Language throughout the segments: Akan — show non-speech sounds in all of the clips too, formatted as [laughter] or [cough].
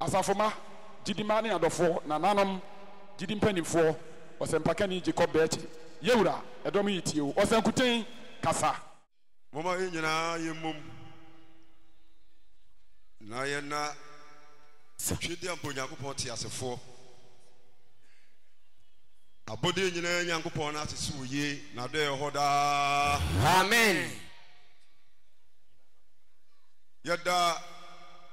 asafoma gyidima ne adɔfoɔ nananom gyidi mpanimfoɔ ɔsɛmpakani gye kɔbɛ akyi yɛwura ɛdɔm yi tie o ɔsɛnkuten kasa moma yɛ nyinaa yɛ mom na yɛna twɛdi ampa onyankopɔn te asefoɔ abɔde nyinaa nyankopɔn no asese wo yie na dɔ yɛ daa amen yɛda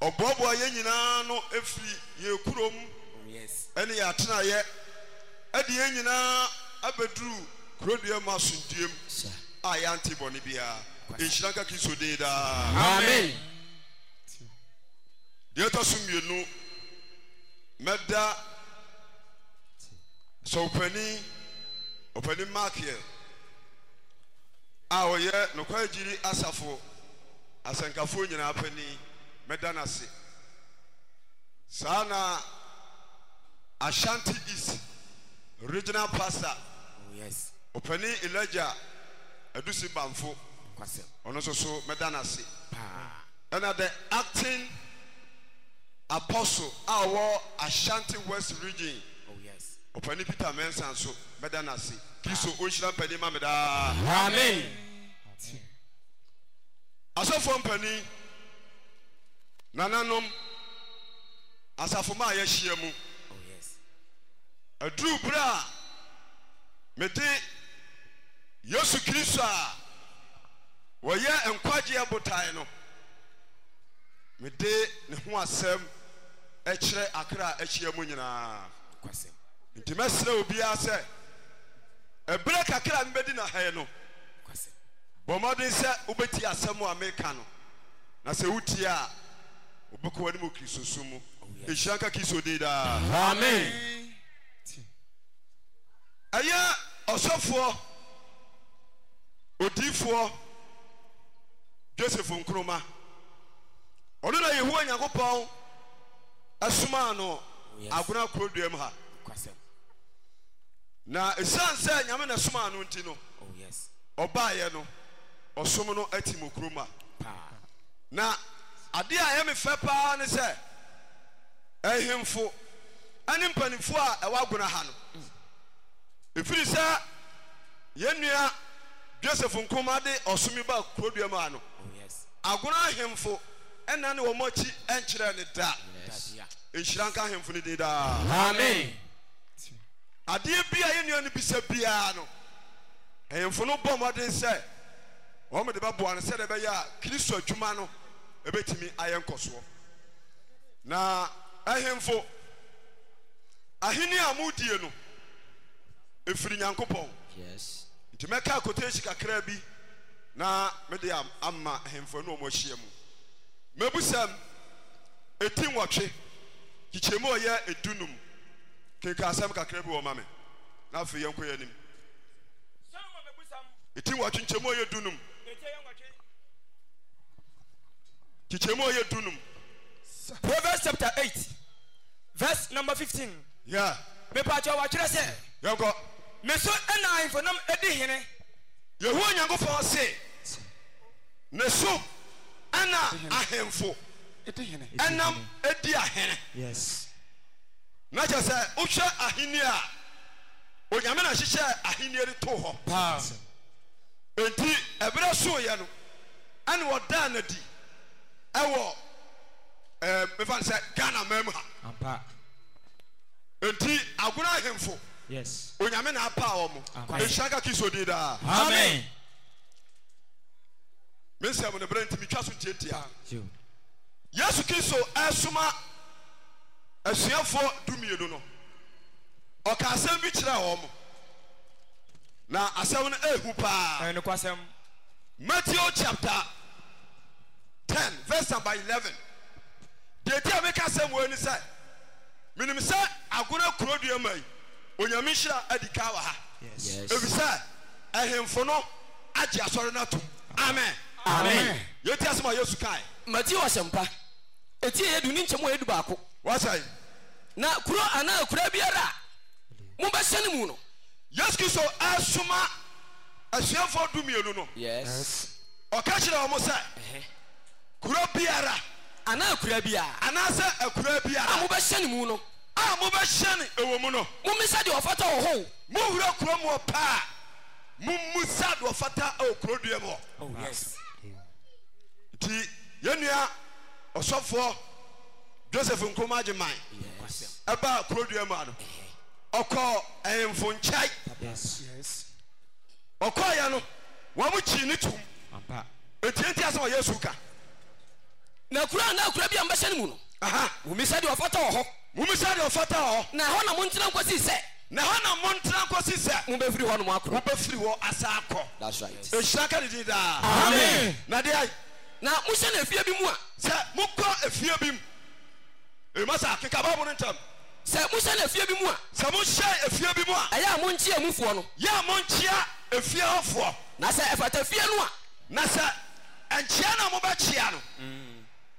ɔboaboa yɛn nyinaa no ɛfiri yɛn kurom oh, ɛne yɛn atenaeɛ ɛde yɛn nyinaa abɛduru kurodua mu asomdue mu a yɛante bɔne biara nhyira nka so din daa deɛ ɛtɔ so mmienu mɛda sɛ ɔpani ɔpani makiel a ɔyɛ nokwaa gyiri asafo asɛnkafoɔ nyinaa panin mɛda no ase saa na ashanti east regional pastor oh, yes. ɔpani elija adusi bamfo ɔno nso so mɛda no ase ɛna the acting apostle a ɔwɔ ashanti west region Oh ɔpani peter mensa nso mɛda no ase kristo ɔnhyira mpani ma me daa asɔfoɔ mpani nananom asafo ma a yɛahyia mu aduru oh, berɛ a mede yesu kristo a wɔyɛ nkwagyeɛ botae no mede ne ho asɛm kyerɛ akra ahyia mu nyinaa nti mɛsrɛ obiara sɛ ɛberɛ kakra a mebɛdi na hae no bɔ mmɔden sɛ wobɛti asɛm a meka no na sɛ wotie a wobɛkɔ w'anim kristo so mu ɛhyira oh, nka kristo din daa amen ɛyɛ ɔsɔfoɔ odiifoɔ joseph nkroma ɔno na yehowa nyankopɔn ɛsomaa no oh, agona kurodua mu ha na ɛsiane sɛ nyame na ɛsomaa no nti no oh, ɔbaeɛ no ɔsom no atim kuroma na adeɛ a ɛyɛ me fɛ paa ne sɛ ahemfo ne mpanimfoɔ a ɛwɔ agona ha no ɛfiri sɛ yɛn nua joseph nkoma de ɔsomi ba kurodua mu a no oh, agona ahemfo ɛna ne wɔn akyi nkyerɛ ne da nhyira nka ahemfo ne amen adeɛ bi a yɛn nua no bisa biara no ahemfo no bɔ mmɔden sɛ wɔn de bɛboa no sɛ de bɛyɛ a kristo adwuma no. ɛbɛtumi ayɛ nkɔsoɔ na ɛhemfo ahene a modie no ɛfiri nyankopɔn nti mɛka akotehyi kakraa bi na mede ama ahemfo ne ɔmɔ ahyia mu mabu sɛm ɛti nwɔtwe kyikyɛmu a ɔyɛ ɛdunum kenka asɛm kakra bi wɔ ma me na afei yɛnkɔ yɛ anim ɛti nwɔtwe nkyɛmu a ɔyɛ dunum kyikyɛmu a yɛ dunum. proverbs chapter eight verse number fifteen. Yeah. mepatwa wakyerɛ sɛ. yɛnkɔ. meso ɛna ahemfo nam edi hene. yehu onyankopɔn se Me so ɛna ahemfo ɛnam edi ahene. yes. na kyerɛ sɛ wohwɛ ahene a onyame na hyehyɛ ahene no to hɔ. paa. enti ɛberɛ so yɛ no ɛna wɔdaa na di ɛwɔ ɛɛ eh, mefa sɛ ghana mɛmu ha ampa nti agorɔ ahemfo yes onyame na apa wɔn ehyia kaki so di daa amen mesia mo ne bere nti mitwa so tietia yesu kristo ɛsoma asuafoɔ dumienu no ɔka asɛm bi kyerɛ wɔn na asɛm no ehu paa ɛnu matthew chapter ten verse number eleven deɛ ti a mi ka sɛ mo ɛni sɛ minim sɛ agorɔ kuro dua ma yi onyame hyira adi ka wɔ ha efisɛ ɛhemfo no agye asɔre no ato amen amen yɛti asɛm a yesu kae mati wɔsɛmpa eti yɛ du ne nkyɛn mu yɛ du baako wɔsɛn na kuro ana kura biara mo bɛ sɛ ne mu no yesu kristo asoma asuafoɔ du mmienu no yes ɔka kyerɛ wɔn sɛ kuro biara anaa akura biara anaasɛ akura biara a mobɛhyɛ ne mu no a mobɛhyɛ ne ɛwɔ mu no mommisa deɛ ɔfata wɔ hɔ mowura kuro mu hɔ paa mummusa deɛ ɔfata ɛwɔ kuro dua mu hɔ oh, nti yɛnnua ɔsɔfoɔ joseph Nkoma agye man ɛbaa kuro dua mu a no ɔkɔ ɛyɛmfo nkyɛe ɔkɔɔyɛ no wɔn mo kyii ne tum etie nti asɛm ɔyɛ suka na kura na kura bi a mbɛhyɛ ne mu no wumisa deɛ ɔfata wɔ hɔ wumisa deɛ ɔfata wɔ hɔ na hɔ na mo ntena nkɔsi sɛ na hɔ na mo ntena nkɔsi sɛ mo bɛ firi hɔ no akɔ mo bɛ firi hɔ asa akɔ that's right ehyia ka ne daa amen na de ayi na mo hyɛ na efie bi mu a sɛ mo kɔ efie bi mu ema sa akeka baabu ne ntam sɛ mo hyɛ na efie bi mu a sɛ mo hyɛ efie bi mu a ɛyɛ a mo nkyia mu foɔ no yɛ a mo nkyia efie hɔ foɔ na sɛ ɛfata fie no a na sɛ nkyia na mo bɛ kyia no. Mm.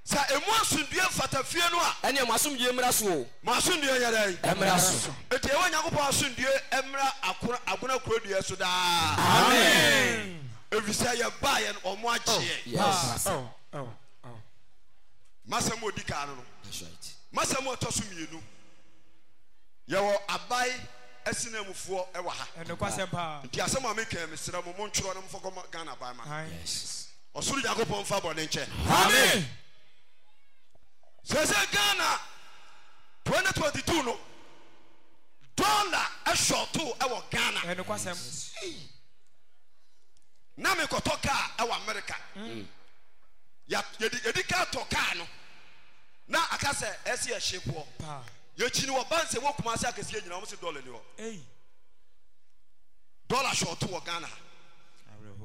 sa emu asomdua mfata fie no a ɛneɛ mo asomdue mmra so o mo asomdue yɛdɛ ɛmmra so nti ɛwɔ nyankopɔn asomdue mmra agona kurodua so daa amen ɛfisɛ yɛbaa yɛ no ɔmo akyeɛ oh, oh, oh, masɛm ɔdi kaa no no masɛm ɔtɔ so mmienu yɛwɔ abae asina mufoɔ ɛwɔ ha nti asɛm a mekɛ mesrɛ mo montwerɛ no mfɔkɔ ghana ma ɔsoro nyankopɔn mfa bɔne nkyɛ amen sɛ sɛ ghana two no dollar dɔla ɛsɔɔto ɛwɔ ghana na mekɔtɔ kaa ɛwɔ America. Mm. yɛdi kaa tɔ kaa no na aka sɛ ɛsi ɛhye poɔ yɛkyini wɔ bansɛ wɔ kumase akɛseɛ nyinaa wɔn sɛ Dollar ni hɔ dɔla sɔɔto wɔ ghana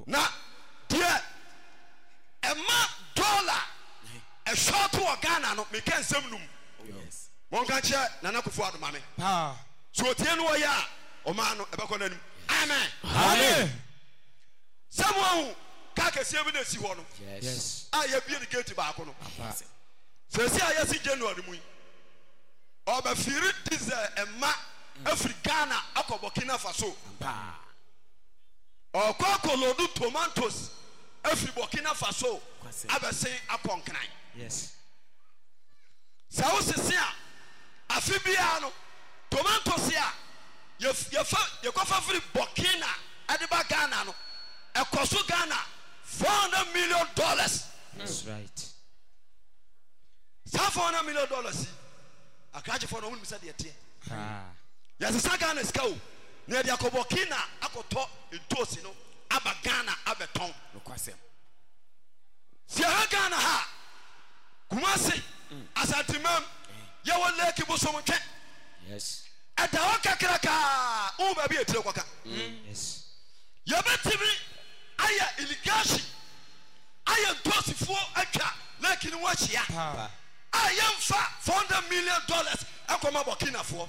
na deɛ ɛma dollar ɛhwɛ to wɔ ghana no meka nsɛm no mu wɔnka kyerɛ nana kofo adoma me sɛ ɔtie no wɔyɛ a ɔma no ɛbɛkɔ no anim amen sɛ moahu ka kɛseɛ bi na ɛsi hɔ no a yɛbie ne gate baako no sɛsi a yɛsi january mu yi ɔbɛfiri diesel ɛma mm. afiri ghana akɔ burkina faso ɔkɔ akɔlɔdo tomatoes afiri burkina faso abɛsen akɔ nkran yes sɛ wosese a afe biara no tomatoes a yɛfa yɛkɔfa firi burkina ɛde ba ghana no ɛkɔ so ghana four hundred million dollars. that's right. Sa four hundred million dollars yi akragyefoɔ na wɔn nimisa deɛ teɛ. Ah. yɛsesa ghana sika o na yɛde akɔ burkina akɔtɔ ntoosi no aba ghana abɛtɔn. si ɛha ghana ha kumase asantemam yɛwɔ leki bosom twe ɛda hɔ kakrakaa wohu baabi yɛtire kɔka yɛbɛtumi ayɛ iligashi ayɛ ntosifoɔ atwa leki no wɔahyia a four hundred million dollars ɛkɔma bɔkinafoɔ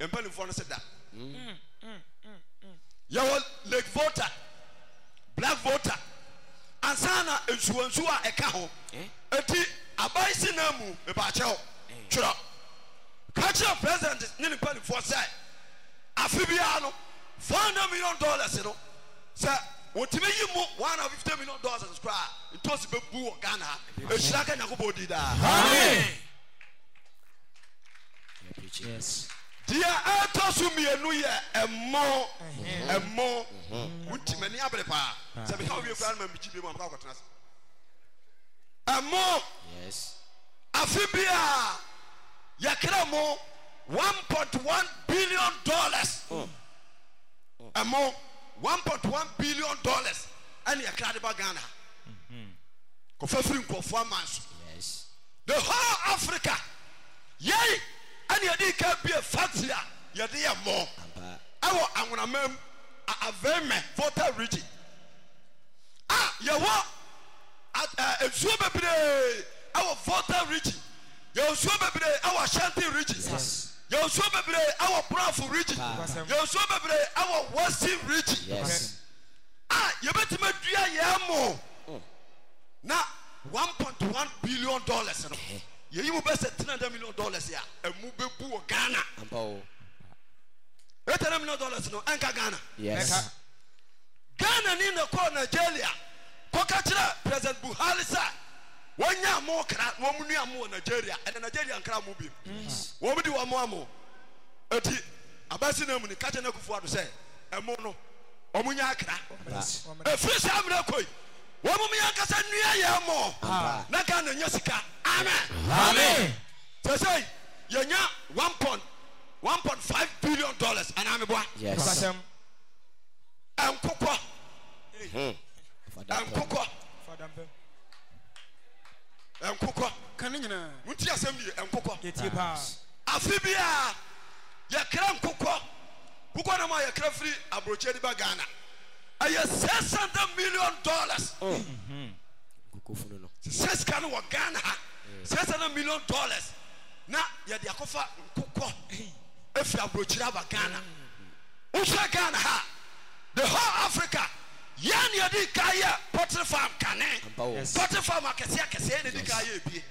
mpanimfoɔ no se da mm. mm, mm, yɛwɔ lake voter black voter ansa na nsuwansuwa a ɛka ho eh? aban si na mu mepaakyɛw eh. twerɛ ka kyerɛ president ne ne mpanifoɔ sɛ afe biara no 400 million dollars no sɛ wotumi yi mu 150 million dollars koraa ntosi bɛbu wɔ ghana ɛhyira ka nyankopɔn di daa deɛ ɛtɔ so mmienu yɛ ɛmmɔ ɛmmɔ mhm. wotimani abere paa ah. sɛ meka wowie koraa no ma mekyi bi mu a mekakɔtena se ɛmo afe bi a yɛkerɛ mo 1.1 billion dollars ɛmo hmm. 1.1 billion dollars ɛne yɛkra de ba ghana mm-hmm. kɔfa firi nkurɔfoɔ man so the whole africa yɛi ɛne yɛde ka bie factory a yɛde yɛ mmɔ ɛwɔ awonamam avemɛ voter region a yɛwɔ nsuo eh, bebree ɛwɔ volta region yɛ nsuo bebree ɛwɔ ashanti region yɛ nsuo bebree ɛwɔ brafo region yɛ nsuo bebree ɛwɔ western region a yɛbɛtumi dua yɛn mo mm. na one point one billion dollars no yɛyi mu bɛ three hundred million dollars yɛ ɛmu bɛ bu wɔ ghana eight hundred million dollars no ɛnka ghana ghana ni na kɔ nigeria kɔka kyerɛ president buhari sɛ wɔnya mo kra wɔn nua mo wɔ nigeria ɛna nigeria nkra mo bi wɔn di wɔn amo eti abasi na mu ni kakyɛ na kufu ado sɛ ɛmo no wɔn nya akra efiri sɛ amina koyi wɔn mu yɛn kasa nua mo ah. na ka na nya sika amen sɛsɛ yɛnya one pond billion dollars ɛna yes, bɔ a nkokɔ. Hmm ɛnkokɔ ɛnkokɔ kane nyinaa wonti asɛm nie ɛnkokɔ yɛtie paa afe bia yɛkra nkokɔ kokɔ nam a yɛkra firi aborɔkyɛ de ba ghana ɛyɛ six hundred million dollars sɛ oh. sika mm-hmm. no wɔ ghana ha eh. six hundred million dollars na yɛde akɔfa nkokɔ ɛfiri eh. aborɔkyiri aba ghana wohwɛ mm-hmm. ghana ha the whole africa yẹn ni yɛde ka yɛ pɔtiri fam kane pɔtiri farm akɛseɛ akɛseɛ na yɛde ka yɛ ebie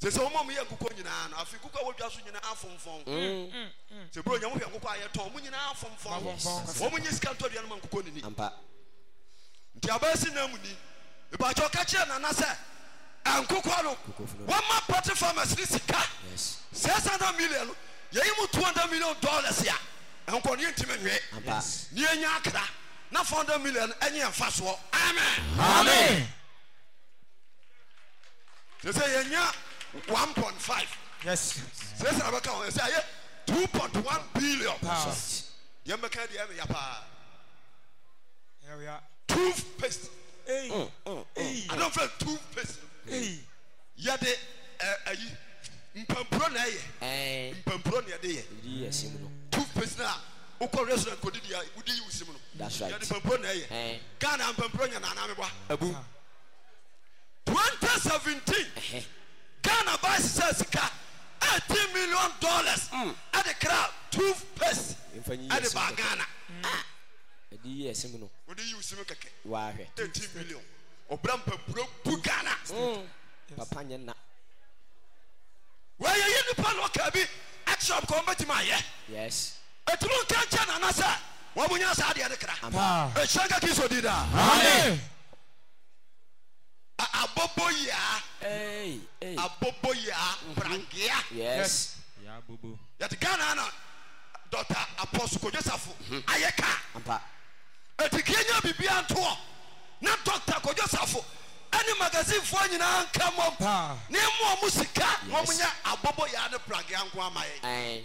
sese wɔn mu yɛ nkukɔ nyinaa no afi nkukɔ wɔ dwa so nyinaa fonfon sɛ bro nyɛ mo hwɛ nkukɔ ayɛ tɔn mo nyinaa fonfon wɔn nyɛ sika ntɔ deɛ ma nkukɔ nini nti abɛɛsi na mu ni ìbàjɔ kɛkyerɛ nana sɛ nkukɔ no wɔn ma pɔtiri fam ɛsiri sika six hundred million yɛyi mu two hundred million dollars ya. nkɔ ni yɛ ntumi nwɛ ni yɛ nya akra na four hundred million ɛnyɛ nfa soɔ amen. amen. sese yɛn nya one point five. yes. sese na bɛ ka wɔn sɛ ɛyɛ two point one billion. yɛn bɛ ka di ɛmi ya paa. toothpaste. Mm, mm, mm. I don't feel toothpaste. Yɛde ɛ ɛyi mpampuro na ɛyɛ. mpampuro na yɛde yɛ. toothpaste na wokɔ restaurant kɔdidi a wodi yi wosim no that's right yɛde pampro na ɛyɛ eh. ghana mpampro nya nana meboa abu 2017 ghana ba sisa sika 18 million dollars ɛde mm. kra two pes ɛde baa ghana ɛde ah. yi ɛsim no wodi yi wosim kɛkɛ waahwɛ 18 million ɔbra mpampro bu ghana mm. papa nyɛ na wɔyɛ yɛ nipa na ɔka bi action kɔn bɛtumi ayɛ yes ɛtumi ka kyɛ nana sɛ wɔn mo nya saa deɛ de kra ɛhyɛn ka kii so di da abobo yaa abobo yaa brangia yɛte ghana na dɔta apɔso kodwosafo ayɛ ka ɛtikie nya biribia ntoɔ na dɔkta kodwosafo ɛne magasinfoɔ nyinaa nka mmɔm ne mmoɔ mu sika wɔm nyɛ abobo yaa ne brangia nko ama yɛn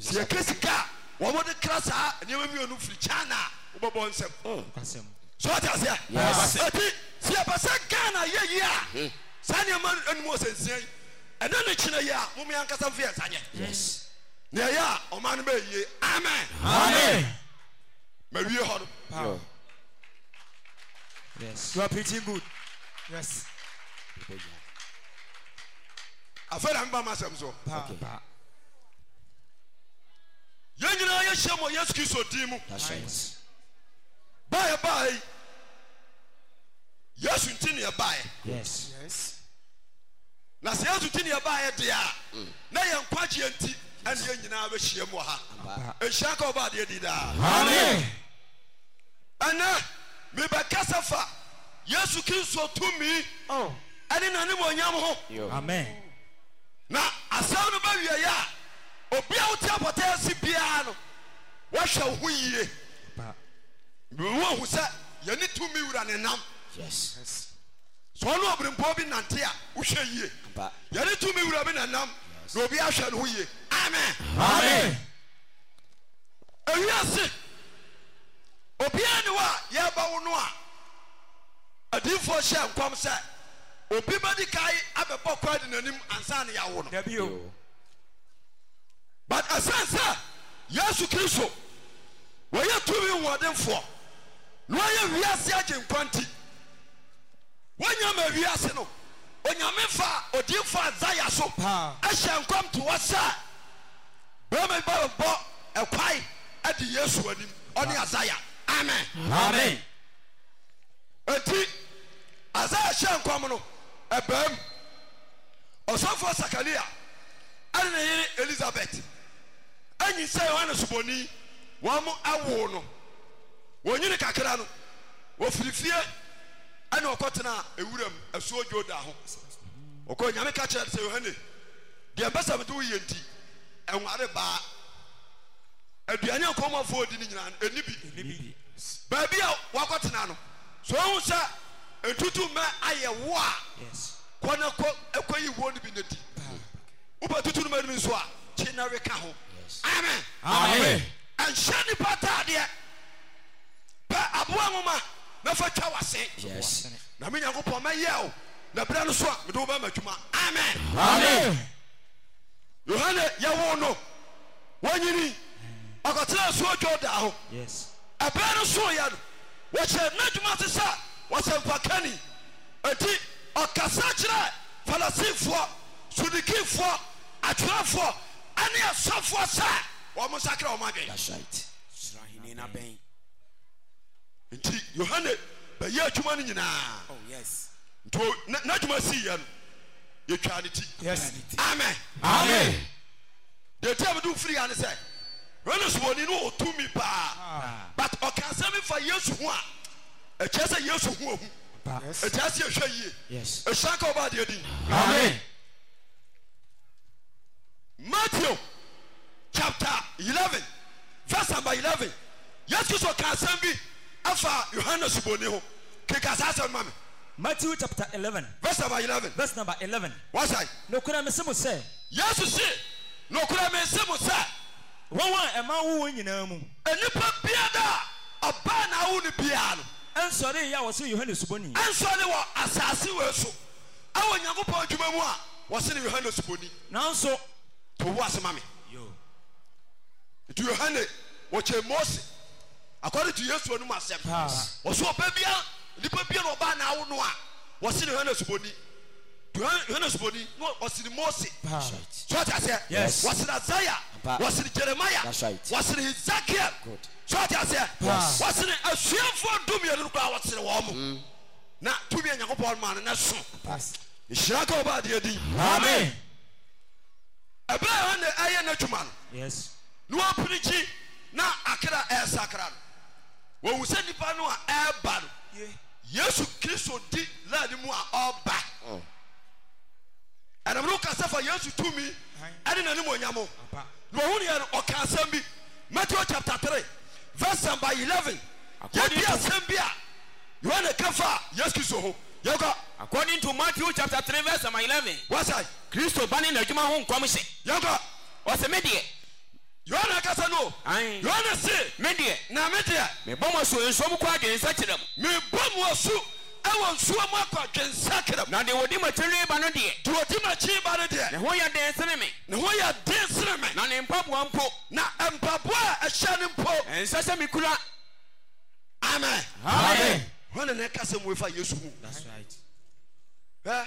sɛ yɛka sika a wɔmode kra saa nneɛma mmienu firi china a wobɛbɔ nsɛm hmm. so wote aseɛ ɛti sɛ yɛpɛ sɛ ghana yɛyi a hmm. saa nneɛma anim ɔsɛnsia yi ɛna ne kyena yi a mome ankasa mfe yɛ sa nyɛ na ɛyɛ a ɔma no bɛyie amen mawie hɔ no Yes. You are pretty good. Yes. afei na mbama asɛm so yɛn nyinaa yɛhyɛ mɔ yesu kristo din mu baayɛ baayɛ yesu nti ne ɛbaayɛ na sɛ yesu nti ne ɛbaayɛ deɛ a mm. na yɛn nkwagyeɛ nti ɛne yɛn nyinaa bɛhyia mu wɔ ha ɛhyia ka ɔba adeɛ di daa ɛnɛ mebɛkasa fa yesu kristo tumi oh. ɛne nane mɔnyam ho na asɛm no bɛwieɛ a obi a wotia pɔtɛ asi biara no wɔhwɛ wo ho yie wo hu sɛ yɛne tumi wura ne nam sɛ ɔne ɔberempɔ bi nante a wohwɛ yie yɛne tumi wura bi ne nam na obi ahwɛ ne ho yie amen ewiase obiara ne hɔ a yɛreba wo no a adiifoɔ hyɛ nkɔm sɛ obi bɛdi kae abɛbɔ kwa de n'anim ansa ne yɛawo no but ɛsiane sɛ yesu kristo wɔyɛ tumi wɔdenfoɔ na wɔyɛ wiase agyenkwa nti wɔnya ma wiase no onyame fa odinfo azaya so ɛhyɛ nkɔm to wɔ sɛ bɛrima bi bɛbɔ ɛkwae ɛde yesu anim ɔne azaya amen amen eti azaya hyɛ nkɔm no ɛbɛm ɔsɔfoɔ sakaria ɛne ne yere elizabeth anyinsa yohane suboni wɔn awo no wɔnyini kakra no wɔfiri fie ɛna tena ewura mu esu dwo da ho ɔkɔ nyame ka kyerɛ sɛ yohane deɛ mbɛsa mi de woyɛ nti ɛnware baa aduane nkɔmɔfoɔ di ne nyinaa no bi baabi a tena no so ohun sɛ ntutu mɛ ayɛ wo a kɔ na kɔ ɛkɔ yi bi na di wobɛ tutu no mɛ nso a kyi na reka ho. amen amen And Shani taadeɛ bɛ aboa nwoma mɛfa twa wase na me nyankopɔn mɛyɛ o na berɛ no so a mede wo bɛma adwuma amen amen yohane yɛwo no wanyini ɔkɔtena suo dwo daa ho ɛbɛɛ no soyɛ no wɔhyɛ n'adwuma se sɛ wɔsɛmfa kani enti ɔkasa kyerɛ farisifoɔ sudikifoɔ atwerɛfoɔ ɛne asɔfoɔ sɛ wɔn nsakra wɔn adwene. that's right. sirahini na bɛn. nti yohane bɛyɛ adwuma no nyinaa. oh yes. nti n'adwuma si yɛ no yɛtwa ne ti. yes amen. amen. deɛ tí a bɛ dun firi yanni sɛ wɛni sumoni ni o paa ah. but ɔkan sɛ mi fa yesu hu a ɛkyɛ sɛ yesu hu ohu ɛkyɛ sɛ ehwɛ yie ɛhyɛ ka ɔba adeɛ di. amen. amen matthew chapter eleven verse number eleven yesu sọ ka asɛm bi afa yohanes boni ho keka saa asɛm matthew chapter eleven. verse number eleven. verse number eleven. wasa yi. n'okura mi sẹ́ mo sẹ́. yesu si n'okura mi sẹ́ mo sẹ́. wɔn a ɛma wo wɔn nyinaa mu. nipa biada ɔbaa na awo ni biara no. ɛnsɔre yi a wɔsi yohanes boni. ɛnsɔre wɔ asase wɔ so ɛwɔ nyankopɔn adwuma mu a wɔsi ni yohanes boni. nanso to wo ase ma me nti yohane wɔkyɛ mose akɔre to yesu anum asɛm ɔso ɔbɛ bia nipa bia na ɔbaa naawo no a wɔse ne yohane suboni yohane suboni na ɔse ne mose so ɔte aseɛ wɔse ne asaia wɔse ne jeremaya wɔse ne hezekiel so ɔte aseɛ wɔse ne asuafoɔ dumienu no koraa wɔse ne wɔn mo na tumi a nyankopɔn ma no ne so nhyira ka wɔbaa deɛ din amen ɛbɛrɛ hɔ na ɛyɛ n'adwuma no na wɔapirikyi na akra ɛresakra no wɔwu sɛ nnipa no a ɛreba no yesu kristo di laadi mu a ɔreba ɛnam no kasa fa yesu tumi ɛne n'anim onyamo na wɔhu yɛ no ɔka asɛm bi matthew chapter three verse number eleven yɛ bi asɛm bi a yohane kafa yesu kristo ho yɛkɔ. according to matthew chapter three verse number eleven. wasa. kristo ba ni n'adwuma ho nkɔm hyɛ. yɛkɔ. ɔsɛ mi deɛ. yohane kasa no. ayi yohane se. mi deɛ. na mi deɛ. mi bɔ mu asu nsuom kɔ adwensa kyerɛ mu. mi bɔ mu asu ɛwɔ nsuom akɔ adwensa kyerɛ mu. na de wodi m'akyi ba no deɛ. de wodi m'akyi ba no deɛ. ne ho yɛ den sene ne ho yɛ den sene na ne mpaboa mpo. na mpaboa a ɛhyɛ ne mpo. ɛnsɛ mi kura. amen. amen. amen hɔn na n'aka sɛ mo fa yesu mu ɛ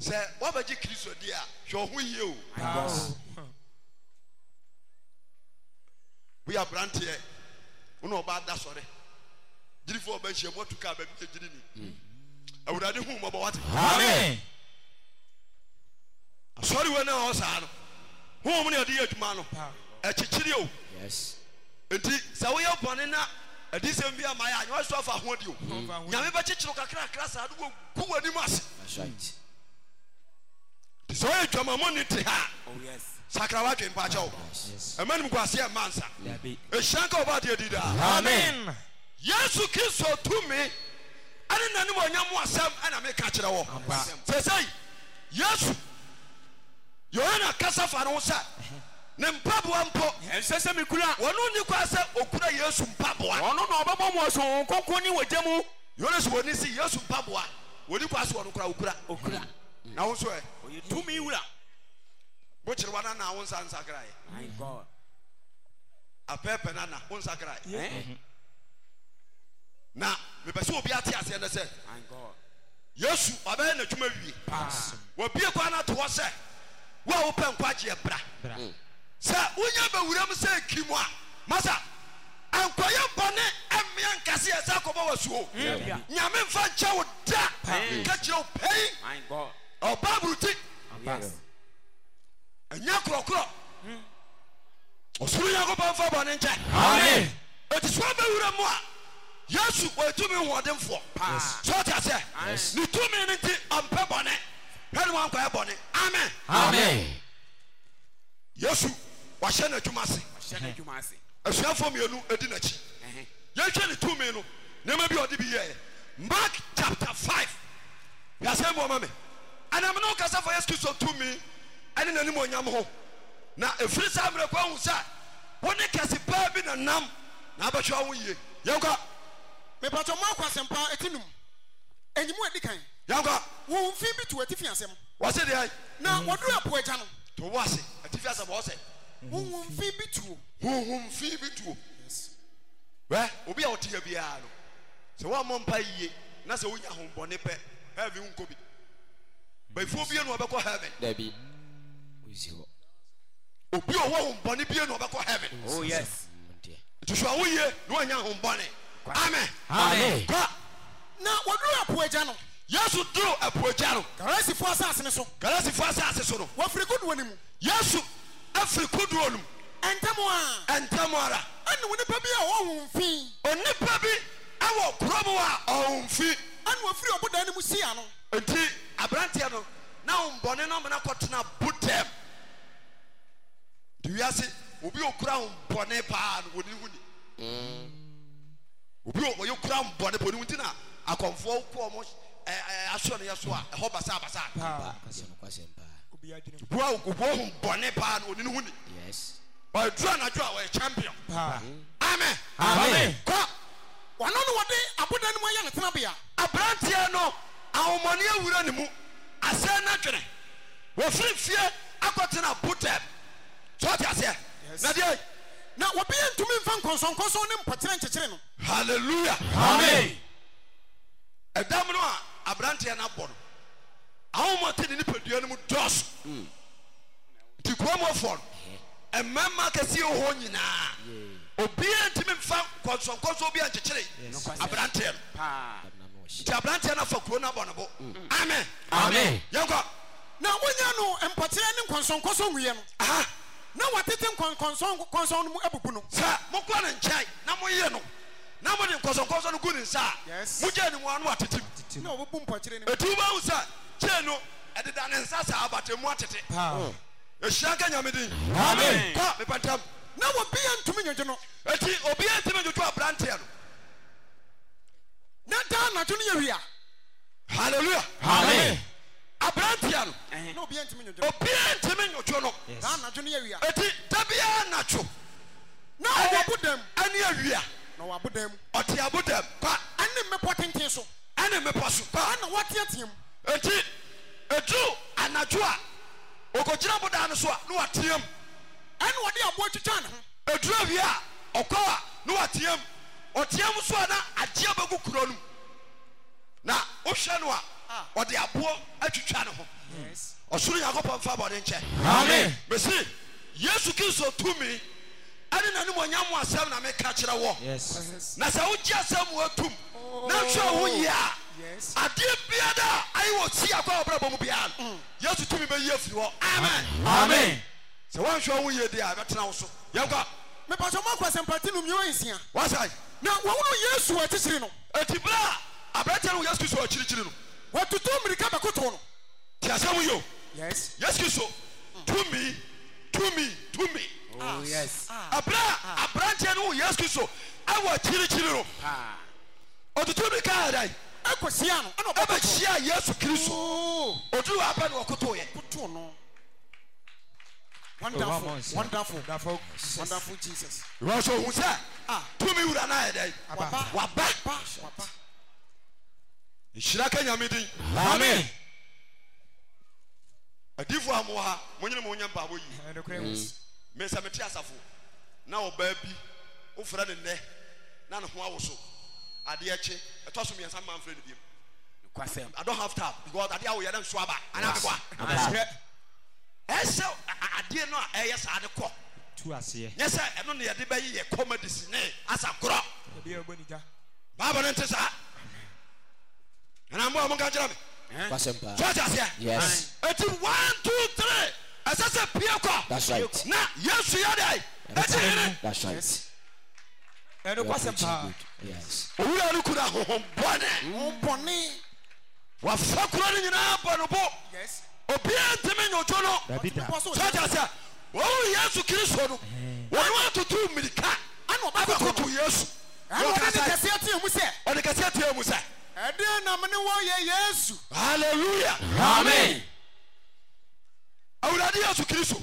sɛ wabɛgye kristu di a hwɛ ɔho yie o wo yɛ aberanteɛ wo na ɔba ada sɔre gyirifo ɔbɛ nhyia mu atu kaa baabi gyiri ni awurade hu mɔbɔ wate asɔre wɔ ne a ɔsaa no honhom ne ɔde yɛ adwuma no ɛkyekyere o nti sɛ woyɛ bɔne na ɛdi sɛm bi ama yɛ anyɛ so afa ho deɛ oh, o nyame bɛkyekyere kakrakra saa de wɔgu w'anim ase sɛ woyɛ dwamamɔ ne te ha sakra woadwe mpakyɛ wo ɛma nim kwaseɛ ma nsa ɛhyia nka wobaadeɛ di daa amen yesu kristo tumi ɛne nane wɔnya mo asɛm ɛna meka kyerɛ wɔ sɛ sɛi yesu yohane akasa fa ne ho sɛ ne mpaboa mpo ɛnsɛ sɛ mekura wɔno ni kwa sɛ ɔkura yesu mpaboa ɔno na ɔbɛbɔ mu ɔso nkonko ne wɔgya mu yohanes wɔni si yesu mpaboa wɔni kwa sɛ ɔno kora ɔkura na wo nso ɛ ɔyɛ tumi wura bokyere wa nana wo nsa nsakra yɛ apɛɛpɛ nana wo nsakra na mepɛ sɛ obi ate aseɛ no sɛ yesu ɔbɛyɛ n'adwuma wie wɔbie kwa no to hɔ sɛ wo a wopɛ nkwagyeɛ bra mm sɛ wonya bɛwuram sɛ ki mu a masa nkɔyɛ bɔne ɛmmea nkase yɛ sɛ akɔbɔ wa suo nyame mfa nkyɛ wo da ka kyerɛ wo pɛi ɔba aburuti ɛnya korɔkorɔ ɔsoro nyankopɔn mfa bɔne nkyɛ ɛti so wobɛwura mu a yesu wɔatumi hoɔdenfoɔ sɛ ɔta sɛ ne tumi no nti ɔmpɛ bɔne hwɛ ne wankɔyɛ bɔne amen yesu wahyɛ n'adwuma ase asuafoɔ mmienu edi n'akyi yɛhwɛ ne tumi no nneɛma bi a ɔde bi yɛ mark chapter five yasɛn mu ɔma mi anam no kasa fɔ yesu kristo tumi ɛne n'anim onyam ho na efiri saa mmerɛ kwan ho sɛ wɔne kɛse paa bi na nam na abɛhwɛ aho yie yɛn kɔ. mipatɔ mu akɔ asɛmpa eti num enyimu edi kan. yɛn kɔ. wɔn fi bi tu etifi asɛm. wɔsi deɛ. na wɔduru apo ɛgya no. to wɔ ase etifi asɛm wɔ ɔsɛ huhumfi bi tuo huhumfi bi tuo bɛ obi a ɔte yɛ biara no sɛ wɔn a mpa yie na sɛ wonya ahombɔne pɛ heaven nko bi bɛyifoɔ bie na ɔbɛkɔ heaven dabi osi hɔ obi a ɔwɔ ahombɔne bie na ɔbɛkɔ heaven oh yes ntusu awo yie na wɔnya ahombɔne amen amen kɔ na wɔduru apo agya no yesu duru apo agya no galasifoɔ asase no so galasifoɔ asase so no wɔfiri kodoɔ ne mu yesu ɛfiri kodoɔ nom ɛntɛm a ɛntɛm ara ɛna onipa bi a ɔwɔ nfin onipa bi ɛwɔ kurom a ɔwɔ nfin ɛna ofiri ɔbodan ne mu si ano nti aberanteɛ no na ɔmbɔne na ɔmena kɔtena botam nti wiase obi okura ɔmbɔne paa no wɔne ho ni obi ɔyɛ kura ɔmbɔne pɔne ho nti na akɔmfoɔ kɔ ɔmo ɛɛ asoɛ no yɛ so a ɛhɔ basa basa. paa kasɛm kasɛm paa wo a wohum bɔne paa no ɔne no ho ni ɔduru anadwo a wɔyɛ champion amen kɔ ɔno ne wɔde aboda no mu ayɛ ne tenabea aberanteɛ no ahomɔne awura ne mu asɛ no adwene wɔfiri fie akɔtena botam sɛ ɔte aseɛ na deɛ na wɔbi yɛ ntumi mfa nkɔnsɔnkɔnsɔn ne mpɔkyerɛ nkyekyere no halleluya amen ɛdam no a aberanteɛ no abɔ no ahoma te ne nipadua no mu dɔso nti kuromuafoɔ no mmarima kɛseɛ hɔ nyinaa obiara ntumi mfa nkɔnsɔnkɔnsɔ obiara nkyekyere aberanteɛ no nti aberanteɛ no afa kuro no abɔ ne bo hmm. amen amen yɛnkɔ na wonya no mpɔkyerɛ ne nkɔnsɔnkɔnsɔ nwuiɛ no na watete nkɔnsɔnkɔnsɔ no mu abubu no sɛ mokɔ ne nkyɛn na moyɛ no na mode nkɔnsɔnkɔnsɔ no gu ne nsa a mogya ne mu a no watete mu ɛti wobɛbu mpɔkyerɛ no ɛti wobɛhu sɛ akyee no ɛdeda ne nsa saa abatemu atete ɛhyia nka nyameden kɔ mepɛntam na wɔbia ntumi nyɛgye no ɛti obia ntumi nyɛgye aberanteɛ no na daa anadwo no yɛ wia halleluya aberanteɛ no obia ntumi nyɛgye no daa anadwo no yɛ wia ɛti da biara anadwo na ɔwɔ abodam ɛne awia na ɔwɔ abodam ɔte abodam kɔ ɛne mmepɔ tenten so ɛne mmepɔ so kɔ ɛna wɔteateam eti ɛduru anadwo a ɔkɔgyina bodaa no so a na wateam ɛne ɔde aboa twitwa ne ho ɛduru awie a ɔkɔw a na wateam ɔteam so a na agyeɛ bɛgu kuro no mu na wohwɛ no a ah. ɔde aboɔ atwitwa ne ho ɔsoro nyankopɔn mfa bɔde nkyɛ amen bɛsi yesu kristo tumi ɛne nane mɔnya mu asɛm na meka kyerɛ wɔ na sɛ wogye asɛm wɔ na nhwɛ oh. wo yie a adeɛ biara mm. a ayi wɔ si akɔ ɔbɛrɛ bɔ mu biara no yesu tumi bɛ yie firi hɔ amen amen sɛ wɔnhwɛ wo yie deɛ a ɛbɛtena wo so yɛnkɔ. mipasɔn mu akɔ asɛmpati nu mìíràn nsia. wasa yi. na wɔn wɔ yesu wɔ akyirikyiri no. eti bira abirante no yesu sɔ akyirikyiri no. wɔtutu mirika bɛko to no. tí a sɛ mu yi o. yes. yesu so mm. tumi tumi tumi. Ah. oh yes. Ah. abira abirante ah. no yesu so ɛwɔ akyirikyiri no. ɔtutu mirika yɛ dɛ ɛkɔsia no ɛna ɔbɛhyia yesu kristo ɔduru abɛ na ɔkoto yɛ koto no wonderful wonderful wonderful wonderful jesus. ìwọ sọ sẹ túnmí wura náà yẹ dẹ wà bá nhyira ka nyame din amen adifo a mowɔ ha monyene mo nyɛ mpaabɔ yi mm. me sɛ mete asafo bi wofrɛ ne nnɛ na ne ho awo so adeɛ kye ɛtɔ so mmiɛnsa mmaa nfiri ne biem. kwasɛm. i don't have time because adeɛ awo yɛ dɛ nso aba ana bɛ bɔ a. aseɛ. ɛsɛ adeɛ no a ɛyɛ saa de kɔ. tu aseɛ. nyɛ sɛ ɛno na yɛde bɛyi yɛ comedy si ne asa korɔ. ɛdeɛ ɛbɔ nija. baabu ne nti saa. ɛnna mbɔ ɔmo kan kyerɛ mi. Eh? kwasɛm paa. tɔɔkye aseɛ. yes. eti one two three ɛsɛ sɛ pie kɔ. that's right. na yɛn su yɛ de. ɛti yɛrɛ. that's right. Yes. We are looking at ɛnu kwasɛm paa owura no kura ahohom bɔne bɔne wafa Yes. no nyinaa bɔ no bo obiara Yes. nyɔjo no sɔgya sɛ wɔn yesu kristo no wɔn atutu mirika akoto Yes. ɔdekɛseɛ teɛ mu sɛ ɔdekɛseɛ teɛ mu sɛ ɛdeɛ nam ne wɔ yɛ Yes. hallelujah amen awurade yesu kristo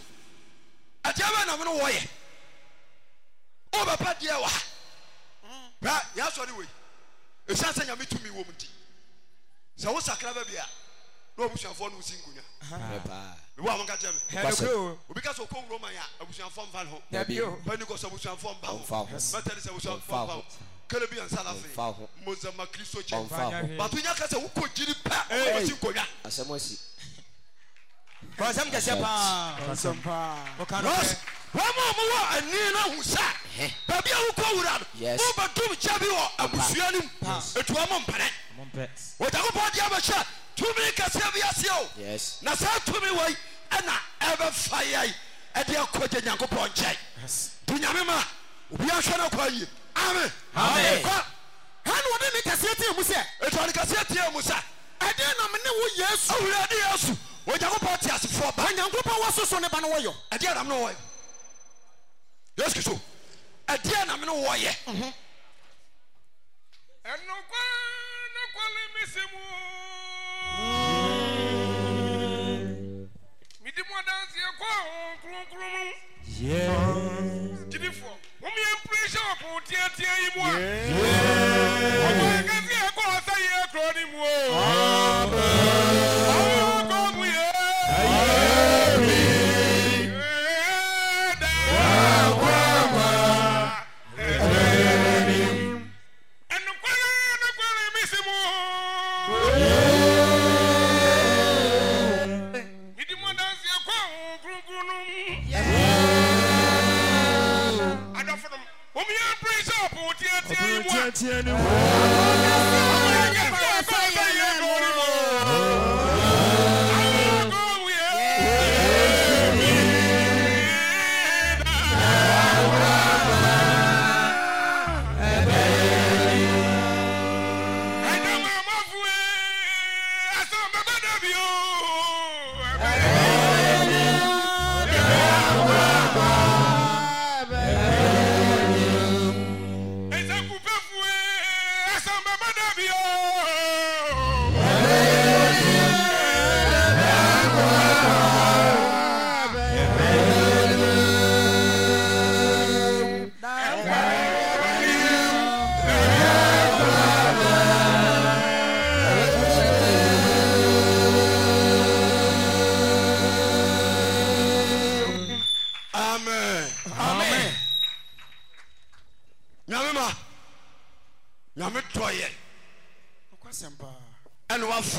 ɛdeɛ bɛ nam ne wɔ yɛ ɔbɛpɛ deɛ wɔ ha bẹẹ yasọre wei esan sẹ nyame tumi wọm di sẹ wọn sakra bẹẹ bia n'o busuafo n'o si nkunya ewu àwọn kájẹ mi obi ká sọ kó wúro ma ya abusuafo nfa ho bẹẹni kọ sọ abusuafo nfa ho mẹtẹni sẹ abusuafo nfa ho kele bi yansa lafe mozama kristo jẹ bàtú nyà kẹsẹ wò kó jiri pẹ ọmọ si nkunya. asẹmọsi. kọsẹm kẹsẹ paa kọsẹm paa wɔn a wɔwɔ ani na hu sɛ baabi a wokɔ wura no wobɛtom kyɛ bi wɔ abusua no mu ɛtu ɔmo mpɛrɛ onyankopɔn de abɛhyɛ tumi kɛseɛ bi aseɛ o na saa tumi wei ɛna ɛbɛfa yɛi ɛde akɔgye nyankopɔn nkyɛn nti nyame ma obia hwɛ no kɔ yie amen hane wɔde ne kɛseɛ teɛ mu sɛ ɛtɔne kɛseɛ teɛ mu sɛ ɛdeɛ nam ne wo yesu awurade yesu onyankopɔn te asefoɔ ba onyankopɔn wɔsoso ne ba no wɔyɔ ɛdeɛ nam ne wɔyɔ yesu kristo ɛdeɛ na mene wɔyɛ mhm. ɛnokwa nokwale mesi mu medi mu adanseɛ kɔ kronkron mu gyinifoɔ momyɛ mpirɛhyɛ ɔko teatea yi mu a ɔkɔyɛ kɛseɛ ɛkɔ ɔsɛ yɛ korɔ ne mu o party anymore.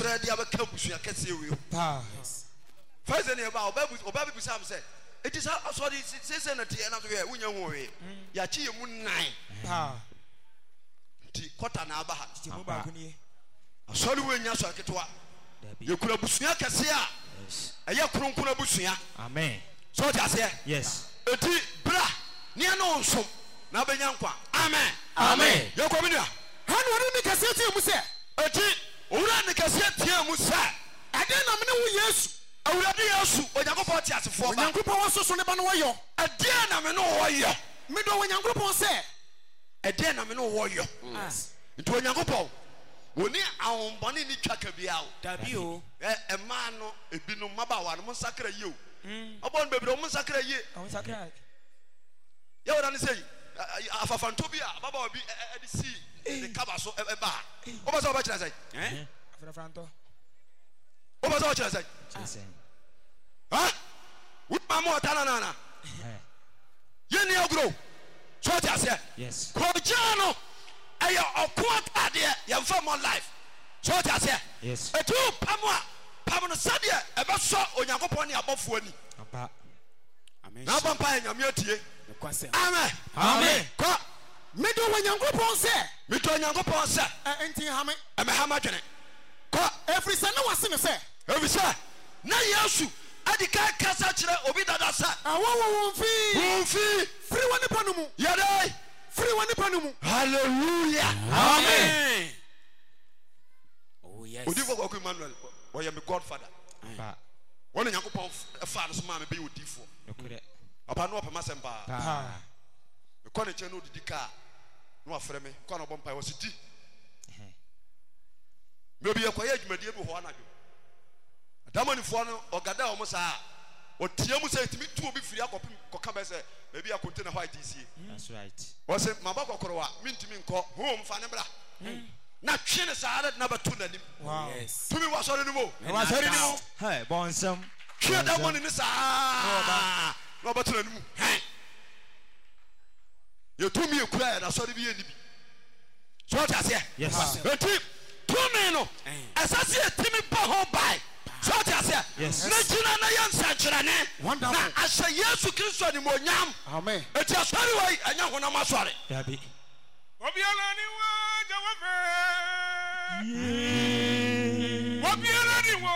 koraa de abɛka abusua kɛseɛ wei fɛsɛ neɛ ba ɔbaa bi bisa m sɛ ɛti sɛ asɔre sɛsɛ na teɛ na so hwɛ wonya hu wee mm. yɛ mu nan nti kɔta na aba ha asɔre ah, wo nya asɔre ketewa yɛkura abusua kɛseɛ a ɛyɛ eh, kronkron abusua sɛ aseɛ ɛti e bra neɛ ne wo nsom na wobɛnya nkwa amen amen yɛkɔ me nua ha ne ɔde ne kɛseɛ teɛ mu sɛ ɛti e owura ne kɛseɛ tie mu sɛ ɛdeɛ nam ne wo yesu awurade yesu onyankopɔn te asefoɔ ba onyankopɔn wɔ soso ne ba no wɔyɔ ɛdeɛ nam ne wɔ yɔ medɔ onyankopɔn sɛ ɛdeɛ nam ne wɔ yɔ mm. nti onyankopɔn wòní ahombɔni ni twaka bi awo. dabi o. ɛ ɛmaa no ebinom mabawa no mo nsakira yie o. Mm. ɔbɔ no bebree ɔmo nsakira yie. ɔmo nsakira. yɛ wɔ dani sɛ afafanto bi a mabawa bi ɛdi sii de kaba so ɛba o bɛ sɔn o bɛ kyerɛ sɛ. afrafrantɔ. o bɛ sɔn o kyerɛ sɛ. ha wuli maa mu ɔta nana na eh. yé ni aguro sɔɔti aseɛ kɔjá no ɛyɛ ɔkó ataadeɛ yɛn fɛ mɔ life sɔɔti aseɛ etu pamu a pamu no sadiɛ ɛbɛ e, sɔ onyankopɔn ni abɔfoɔ ni n'abɔ mpa yɛ nyamuya tie amen kɔ mede wɔ nyankopɔn sɛ mede onyankopɔn sɛ nti hame ɛmɛha ma dwene kɔ ɛfiri sɛ ne wase ne sɛ ɛfiri sɛ na yesu adi ka kasa kyerɛ obi dada sɛ ɛwɔ wɔ wɔn fii wɔn fii firi wɔ nipa no mu yɛde firi wɔ nipa no mu hallelujah amen oh yes odifo kɔkɔ emmanuel ɔyɛ me godfather wɔn nyankopɔn ɛfa eh, ne so maa mi bɛyɛ odifoɔ papa no ɔpɛ ma sɛm paa mekɔ ne kyɛn no odidi kaa na wafrɛ me kɔ na ɔbɔ mpae wɔsi di mebi yɛkɔyɛ adwumadeɛ bi hɔ anadwo adamanifoɔ no ɔgada wɔn saa ɔtia mu sɛ ɛtumi tu obi firi akɔpem kɔka bɛ sɛ baabi a kɔnte hɔ ayɛ sie hmm. ɔsɛ maba kɔkɔrɔwa mentumi nkɔ hom fa ne bra hmm. na twe ne saa na na bɛto n'anim tumi wɔ no mu no mu bɔnsɛm twe damɔne ne saa na ɔbɛto n'anim yɛtumi yɛkura yɛ nasɔre bi yɛ ni bi so ɔte aseɛ ɛti ah. tumi no eh. ɛsɛ sɛ yɛtumi bɔ ho bae so ɔte aseɛ na gyina na yɛ nsɛnkyerɛne na ahyɛ yesu kristo animonyam ɛti asɔre wɔ yi ɛnyɛ honam asɔre obiara ni wɔ agya wɔfɛ obiara ni wɔ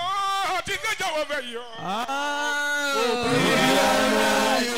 ɔte agya wɔfɛ yi obiara ni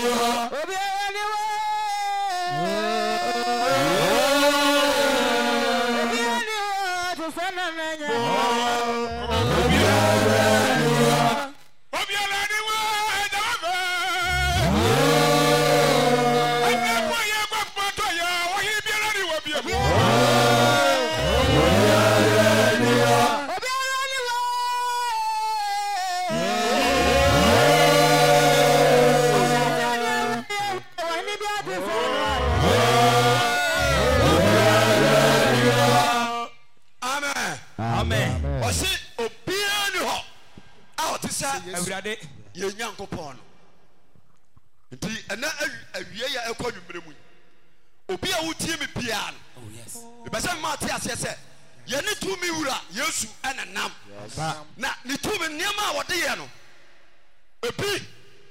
awurade yɛ nyankopɔn no nti ɛna awie yɛ ɛkɔ nwummerɛ mu obi a wotie me biara no ɛbɛ oh, sɛ mmaa te aseɛ sɛ yɛne tumi wura yesu ɛna nam na ne tumi nneɛma a wɔde yɛ no ebi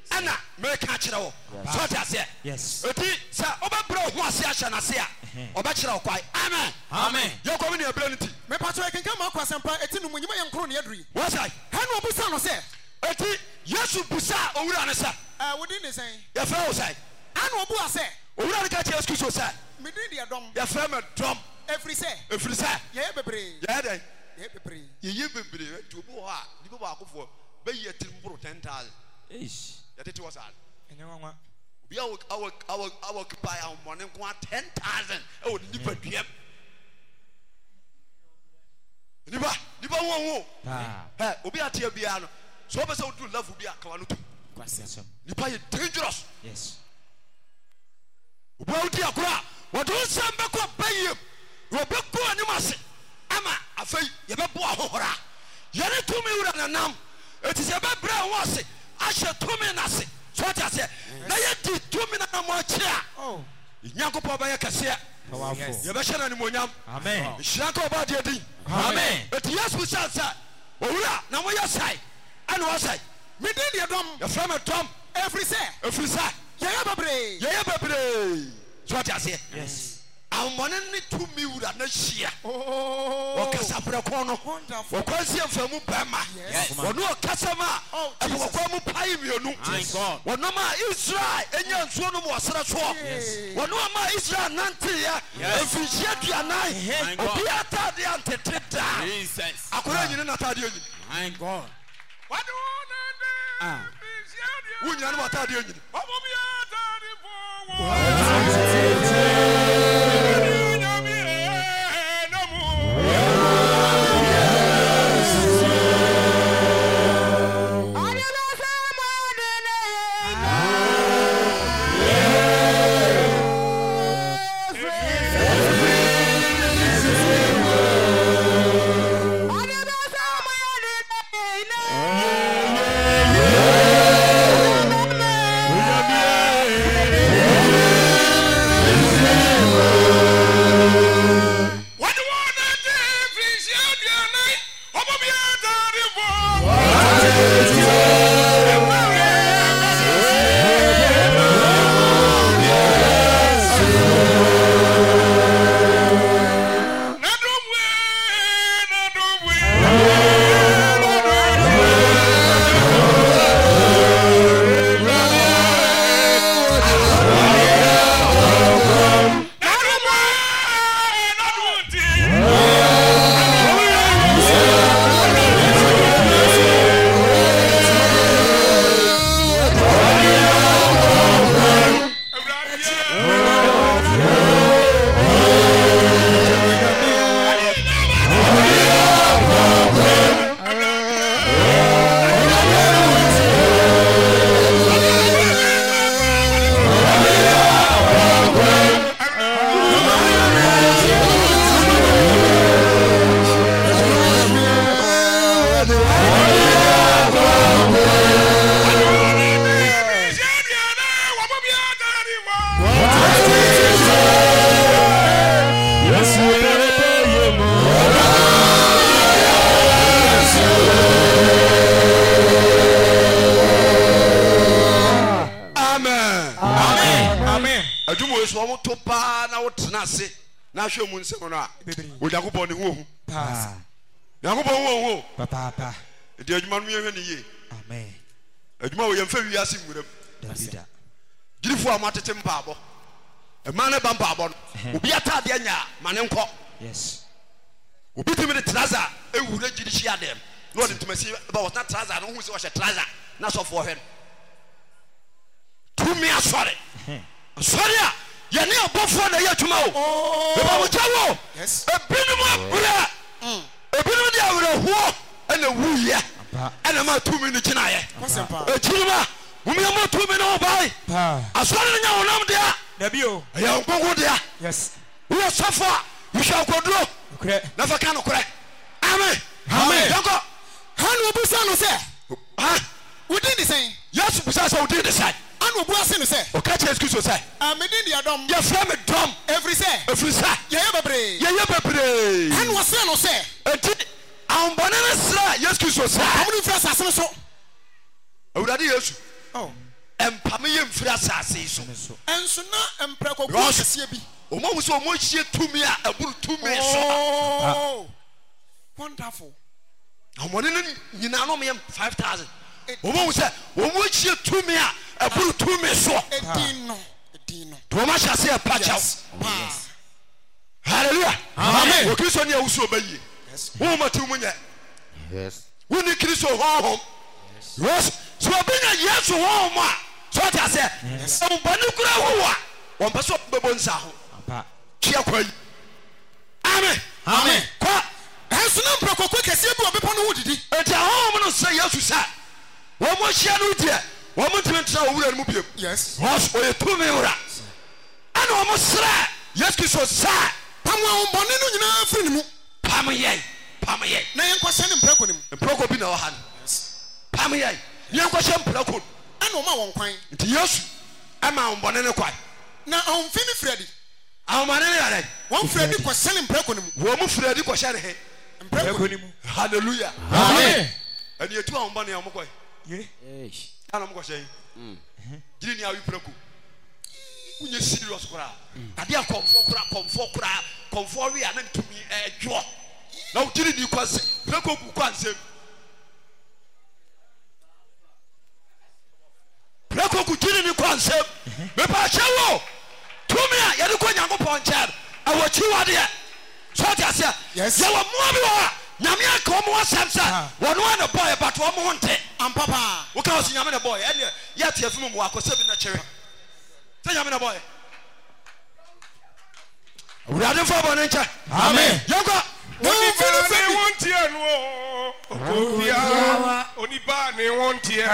ɛna mɛka kyerɛ wɔ sɛ ɔte aseɛ ɛti sɛ wobɛbrɛ ho ase ahyɛ no ase a ɔbɛkyerɛ wo kwae amen amen yɛkɔme ne ɛbrɛ no ti mepatɔ yɛkenka ma akɔ asɛmpa ɛti nomu nyima yɛ nkoro ne yɛdori wɔsae hɛ ne ɔbusa no sɛ eti yesu busa owura ne sɛ. ɛ eh, wodi ne sɛn. yɛfrɛ wo sɛn. obu asɛ. owura ne ka kyerɛ yesu kristo sɛ. mi di deɛ dɔm. yɛfrɛ mi dɔm. efiri sɛ. efiri sɛ. yɛyɛ bebree. yɛyɛ dɛ. yɛyɛ bebree. yɛyɛ bebree etu obi wɔ hɔ a nipa baako fɔ bɛyi ɛtiri mporo ten thousand. eish. yɛtete wɔ saa. ɛnyɛ nwa nwa. obi awo awo awo awo kipa ahomɔne nko a ten thousand ɛwɔ nipa duam. nipa nipa wɔn wo. Ah. ɛ obi Ati biara Ano. sɛ wopɛ sɛ wodu level bi akawa no tu nipa yɛ dangerous yes obiwa wodi akoro a wɔde wo nsɛm bɛkɔ bɛyiem wɔbɛkɔ anim ase ama afei yɛbɛboa ahohora yɛne tumi wura nanam ɛti be yɛbɛbrɛ ho ase ahyɛ tumi no ase so what aseɛ na yɛdi tumi no namɔ akyi a nyankopɔn bɛyɛ kɛseɛ yɛbɛhyɛ no animonyam nhyira nka ɔbaadeɛ din yes oh. yesu sa sɛ owura na moyɛ sae ɛna ɔsɛ. mi di deɛ dɔm. yɛfrɛ mi dɔm. efiri sɛ. efiri sɛ. yɛyɛ bebree. yɛyɛ bebree. sɔ ti aseɛ. yes. ahomɔne ne tumi wura ne hyia oh. ɔkasa prɛko no wɔkwan sie mfamu bɛma wɔne ɔkasa ma a oh, ɛpɔkɔkɔ mu pae mmienu wɔnom ma israel ɛnya nsuo no mu ɔserɛ soɔ wɔne ɔma israel nanteeɛ mfirinhyia duanan obiaa ataadeɛ antete ni akɔrɛ ah. nyini natadeɛ God wonya ah. no watadeɛ nyini asɛm ah. no a onyankopɔn ne wohu nyankopɔn wohu nti adwuma no yɛhwɛ ne yie adwuma wɔ yɛmfa wiase nwuram gyirifo a moatete mpaabɔ ɛma ne ba mpaabɔ no obi ataadeɛ nyaa ma ne nkɔ obi tumi de trasa ewura gyiri hyi adeɛ na ɔde ntoma ba wɔtena trasa no ohun sɛ ɔhyɛ trasa na asɔfoɔ hwɛ no tumi asɔre asɔre a yɛne abɔfoɔ na ɛyɛ adwuma o ɛbamogya oh. wo ebinom abrɛ mm. ebinom de awerɛhoɔ ɛna wuyɛ ɛna ma tumi no gyinaeɛ ɛkyirim a momiama tumi no wobae asɔre no nya wonam dea ɛyɛ nkoko dea woyɛ sɔfo a wohwɛ nkoduro na fa ka nokorɛ ame yɛnkɔ hane wɔbusa no sɛ wodin ne sɛn yesu bisa sɛ wodin de sɛe ana obu ase ne sɛ ɔka kyerɛ kristo sɛ amedin deɛ dɔm yɛfrɛ me dɔm ɛfiri sɛ ɛfiri sɛ yɛyɛ bebree yɛyɛ bebree ɛne wɔserɛ no sɛ ɛnti ahombɔne no serɛ yesu kristo sɛ ɔmne mfiri asase no so awurade yesu ɛmpame yɛ mfiri asase yi so ɛnso na mprɛkɔgu akɛseɛ bi ɔma mu sɛ ɔma hyie tumi a ɛboro tumi so oh. wonderful ahombɔne no nyinaa no five thousand wɔbɛhu sɛ wɔn mu akyie tumi a ɛboro tumi soɔ nti wɔn ahyɛ ase ɛpa kyɛw hallelujah amen okristo ni ewusu ọba yie wọn ma ti mu nyɛ wọn ni kristo hɔhɔm yes so obi nya yesu hɔhɔm a so ɔte aseɛ bani kura huwa wɔn pɛ so ɔbɛ bɔ nsa ho tia kɔ yi amen amen kɔ ɛnso na mpɛrɛ kɔkɔ kɛseɛ bi wɔ bepɔ no ho didi eti ahɔhɔm no sɛ yesu sɛ wɔn mo hyia no deɛ wɔn mo tumi tena owura no mu biem yes wɔs oye tumi wura ɛna wɔn srɛ yesu kristo saa pam wɔn bɔnne no nyinaa firi ne mu pam yɛn pam yɛn na yɛn nkɔhyɛ ne mpirako ne mu mpirako bi na ɛwɔ ha no pam yɛn yɛn nkɔhyɛ mpirako ɛna wɔn a wɔn kwan nti yesu ɛma wɔn bɔnne no kwan na ahomfi ne fira di ahomane ne yɛrɛ wɔn fira di kɔhyɛ ne mpirako ne mu wɔn mo fira di kɔhyɛ ne he mpirako ne mu hallelujah amen ɛni etu ahomba ne yɛn mo kɔ yi ye ana mo kɔhyɛ gyiri mm. ni awi prɛko wonyɛ serious koraa ade a kɔmfoɔ koraa kɔmfoɔ koraa kɔmfoɔ wi a eh, na ntumi ɛdwoɔ na wogyiri ni kɔ nsɛm prɛko gu kɔ nsɛm prɛko gu gyiri ni kɔ nsɛm mepa ahyɛ wo tumi a yɛde kɔ nyankopɔn nkyɛn ɛwɔ kyiwadeɛ sɛ ɔte aseɛ yɛwɔ mmoa bi wɔ a nyame aka ɔmo asɛm sɛ ah. wɔno a ne bɔɔyɛ but ɔmo ho nte ampa paa woka wɔ so nyame ne bɔɔyɛ ɛneɛ yɛte afi mu mu wakɔsɛ bi no kyere sɛ nyame ne bɔɔyɛ awurade mfa bɔ ne nkyɛ amen yɛnkɔ onipa no sɛ ne wonteɛ no ɔkɔbiara onipa ne wonteɛ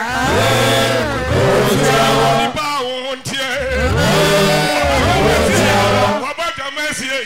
onipa a wo ho nteɛ wabɔ dwama asie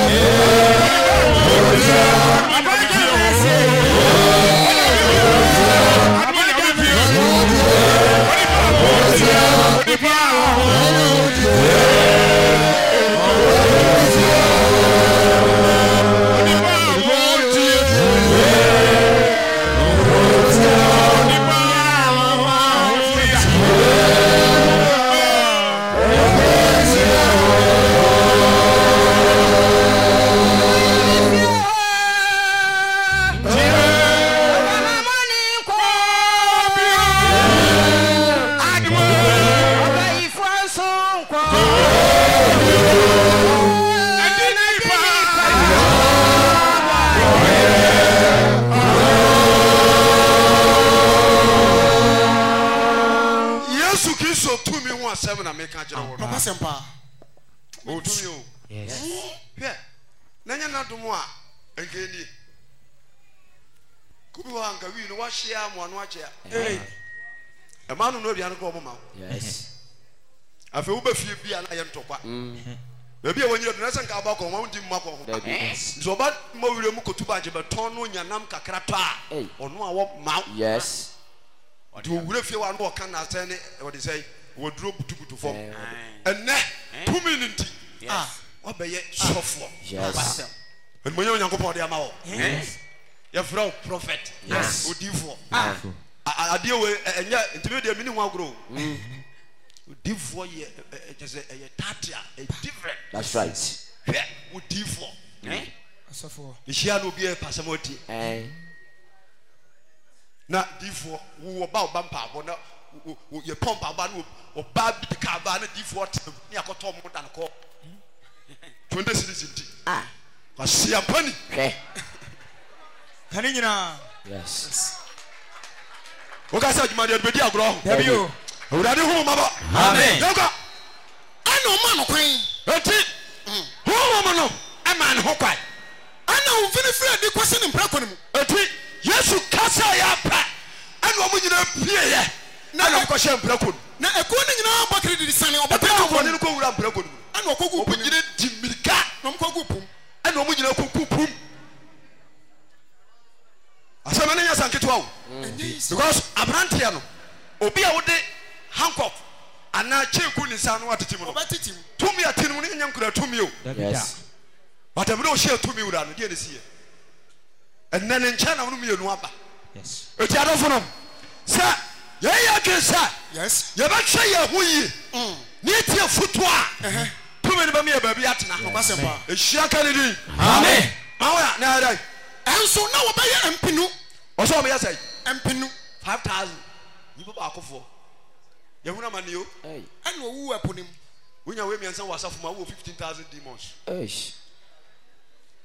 Abraço! tɔtɔ aduane kɔ ɔmo ma wo [laughs] afei wo bɛ fie bi a na yɛ ntɔkwa mm. [laughs] baabi a wɔnyina do na sɛ nka aba kɔ wɔn di mma kɔ ho nti ɔba ma wura mu kotu baagye bɛtɔn no nyanam kakra tɔ a ɔno a wɔ ma wo nti owura fie wa no ɔka na asɛn ne wɔde sɛ wɔduro butubutu fam ɛnɛ pumi ne nti a ah, wabɛyɛ sɔfoɔ ɛnumonyɛ onyankopɔn ɔde ama wɔ yɛfrɛ wo prɔfɛt ah, odiifoɔ ah adeɛ wei ɛnyɛ ntumi deɛ mi ni agorɔ mm-hmm. odiifoɔ yɛ ɛ sɛ ɛyɛ taate a that's right. hwɛ odiifoɔ. Eh? asɔfoɔ. ehyia eh. na obi yɛ pasam ɔti. na diifoɔ wɔ ba ɔba mpaabɔ na yɛ pɔn mpaabɔ na ɔba bi ka ba na diifoɔ tɛm ne akɔtɔ ɔmo dan kɔ hmm? twenty series nti. ɔsi ah. apani. hwɛ. kane nyinaa. yes. yes wokasɛ adwumadeɛ hmm. no bɛdi agorɔ ho awurade homo maba dɛka ɛna ɔma no kwan ɛti homom no ɛma ne ho kwan ɛna ɔmfinifiri adi kɔsi ne mprako no mu ɛti yesu kasa yɛ apɛ ɛna ɔmo nyina pieyɛ na ɛna ɔmkɔhyɛ e- mprako no na ɛkuo no nyinaa bɔkere didi sane ɔbɛtɔɔne no kɔwura mprako no mu ɛna ɔkɔgu ɔmo nyina di mirika na ɔmkɔgu pom ɛna ɔmo nyina kɔgu pom asɛm ɛne nyɛ sanketewa wo because aberanteɛ no obi a wode hankɔf anaa kyeeku ne nsa no watete mu no tumi ate no mu no ɛnyɛ nkura tumi o but ɛmɛ dɛ ɔhyɛ tumi wura no deɛ ne siyɛ ɛnɛ ne nkyɛn na wɔn mmienu aba eti adɔfo nom sɛ yɛyɛ adwene sɛ yɛbɛhwɛ yɛn ho yie mm. ne tie futuo a tumi no bɛmi yɛ baabi atena ehyia ka ne din maame maame na yɛrɛ ɛnso na wɔbɛyɛ mpinu ɔsɛ wɔbɛyɛ sɛ yi mpenu five thousand nipa baako fo yɛhuna ma ni o ɛna owu ɛpo ne mu wonya wo mmiɛnsa wɔ asafo ma wo fifteen thousand demons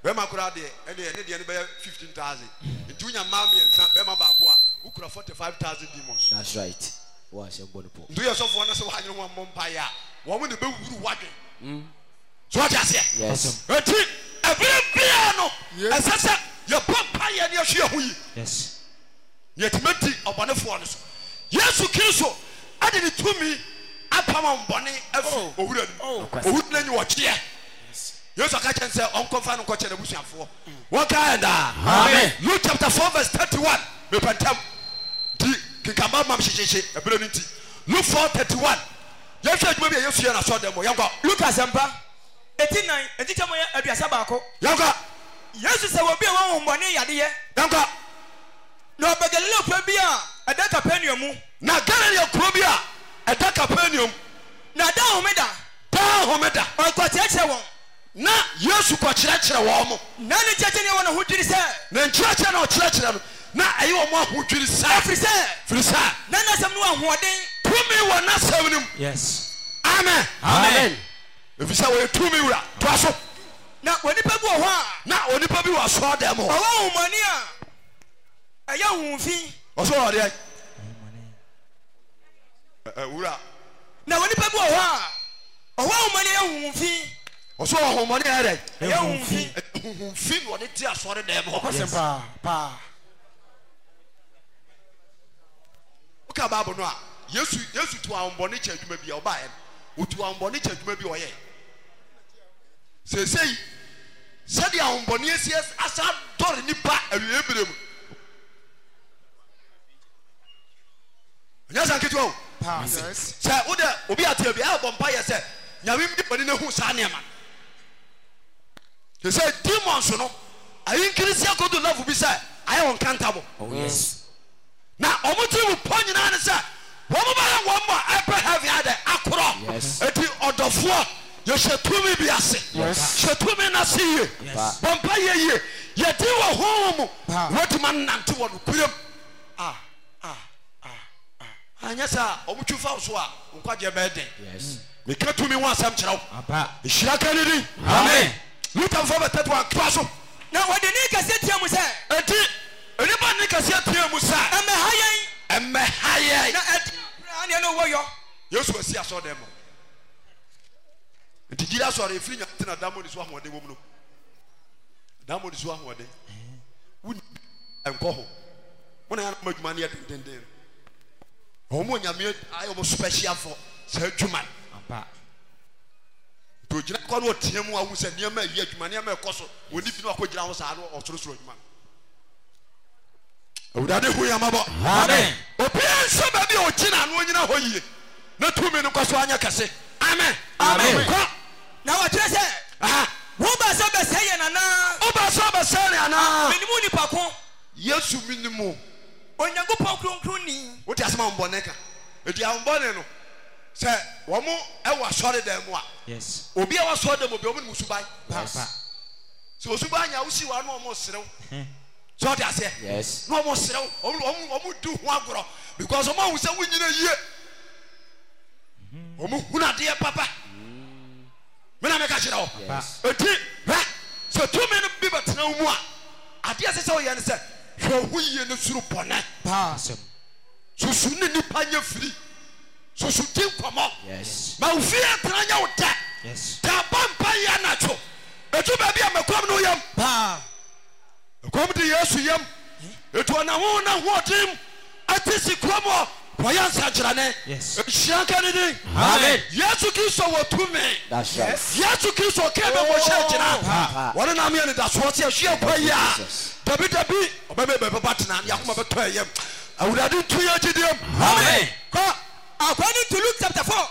bɛrima koraa deɛ ɛne ɛne deɛ no bɛyɛ fifteen thousand nti wonya mmaa mmiɛnsa bɛrima baako a wokura forty five thousand demons. that's right wọ́n ahyɛ bọ́ ne pọ̀. ntu yɛ sɔfo ɔno sɛ wɔn anyere wɔn mɔ mpa yɛ a wɔn de bɛ wuru wadwe. Hmm. so wɔte aseɛ. yes eti ebire bia no ɛsɛ sɛ yɛ bɔ mpa yɛ ni ɛhwi ɛho yi. yes yɛtumi di ɔbɔnefoɔ no so yesu kristo ɛde ne tumi apam ɔmbɔne afi oh. owura no oh. owura no nyɛ wɔkyeɛ yesu aka kyɛn sɛ ɔnkɔmfa no nkɔkyɛ n'abusuafoɔ mm. wɔka ɛdaa luke chapter four verse thirty one mepɛntɛm di kinkamba mam hyehyehye ɛberɛ no nti luke four thirty one yɛhwɛ adwuma bi a yɛfie no asɔdɛm mu yɛnkɔ luke asɛmpa ɛti nan ɛtikyɛm yɛ aduasa baako yɛnkɔ yesu sɛ wɔbi a wɔn ahombɔne yadeɛ yɛnkɔ na ɔbɛ galileofoɔ bi a ɛda kapernaum na galileo kuro bi a ɛda kapernaum na da homeda daa homeda ɔkɔkyerɛkyerɛ wɔn na yesu kɔkyerɛkyerɛ wɔn mo na ne nkyerɛkyerɛ ni ɛwɔ ne ho dwiri sɛ ne na ɔkyerɛkyerɛ no na ɛyɛ wɔn aho dwiri sɛ ɛfiri firi sɛ na n'asɛm no wɔ ahoɔden tumi wɔ n'asɛm no mu yes amen amen efisɛ wɔyɛ tumi wura to aso na onipa bi wɔ hɔ a na onipa bi wɔ asɔɔdan mu hɔ ɔwɔ ahomani a ɛyɛ ahunfin. ɔsɔ ɔdeɛ. ɛwura. na wɔn nipa bi wɔ hɔ a ɔwɔ ahomani ɛyɛ ahunfin. ɔsɔ ahomani ɛyɛ dɛ. ɛyɛ ahunfin. ahunfin wɔ ne ti asɔre dɛm hɔ. ɔkɔsɛ paa paa. woka baabu no a yesu yesu tu ahombɔne kyɛ adwuma bi a ɔbaa yɛ no otu ahombɔne kyɛ adwuma bi ɔyɛ seesei sɛdeɛ ahombɔne esi asa dɔre nipa awie bere mu. onyansa nketewa o sɛ wode obi ateɛ bi ɛbɔ mpa yɛ sɛ nyame mde bɔne no hu saa nneɛma no sɛ demons no ayinkiri si akoto level bi sɛ ayɛ wɔn kanta bɔ oh, na wɔn ti mu pɔ nyinaa ne sɛ wɔn bɛyɛ wɔn mu a ɛpɛ heavy adɛ akorɔ eti ɔdɔfoɔ yɛhyɛ tumi bi ase hyɛ tumi n'ase yie bɔnpa yɛ yie yɛdi wɔ hɔn mu wɔtuma nante wɔ no kurem a. Ah anyɛ sɛ ɔmotwi fa so a nkwagyeɛ bɛyɛ den meka tumi ho asɛm kyerɛ wo nhyira ka ne din amen lutamfoɔ bɛtɛte wa toa so na wɔde ne kɛseɛ tia mu sɛ ɛnti nnipa ne kɛseɛ tia mu sa ɛmɛha yɛn ɛmɛha yɛn na ɛdeɛ no wɔyɔ yesu asi asɔdɛn mu nti gyiri asɔre ɛfiri nya tena damɔde so ahoɔden wɔ mu no damɔde so ahoɔden woni ɛnkɔ ho wona yɛ anoma adwuma yɛ dendenden wɔn nyame ayɛ wɔn specialfoɔ saa adwuma nti ogyina kɔ no ɔteɛ mu ahu sɛ nneɛma ayi adwuma nneɛma ɛkɔ so wɔni bi no akɔgyina hɔ saa no ɔsorosoro adwuma awurade hu yamabɔ amen obiara nso baabi a ɔgyina no ɔnyina hɔ yie na tumi no kɔ so anyɛ kɛse amen amen kɔ na wɔkyerɛ sɛ woba sɛ bɛsɛe yɛ nana woba sɛ bɛsɛe ne anaa menimu nipa ko yesu minimu onyankopɔn kronkronni wote asɛm a wɔmbɔne ka ɛti ahombɔne no sɛ wɔn wɔ asɔre dan mu a obi a wasɔre dan mu bi wɔn ne musuban sɛ osuban yɛ awosi wa na wɔn serew sɛ ɔde aseɛ na wɔn serew wɔn di ho agorɔ because wɔn awosan wɔn nyina yie mhm. wɔn hun adeɛ papa mm. mena meka kyerɛ wɔ ɛti hɛ sɛ tumi no bi bɛtena wo mu a adeɛ sɛ sɛ wɔyɛ no sɛ hwɛ wo yie to soro bɔnɛ Yes. ne nipa nyɛ firi susu di nkɔmɔ come wo fie atena nyɛ wo dɛ dɛ bɔ mpa yɛ anatwo etu baabi a mɛkɔm no yam ɛkɔm de yesu yam hm? etu to ho na wɔyɛ nsakyerɛne nhyira nka ne din yesu kristo wɔ tumi yesu kristo ka bɛbɔ hyɛ gyina wɔne nam yɛ nedasoɔ sɛ ɛhwe ɛkɔ yi a dabidabi ɔbɛbɛ bɛbɛba tena ne yakoma bɛtɔ ɛyɛm awurade tu yɛ gyidiɛm kɔ akɔne to luke chapter 4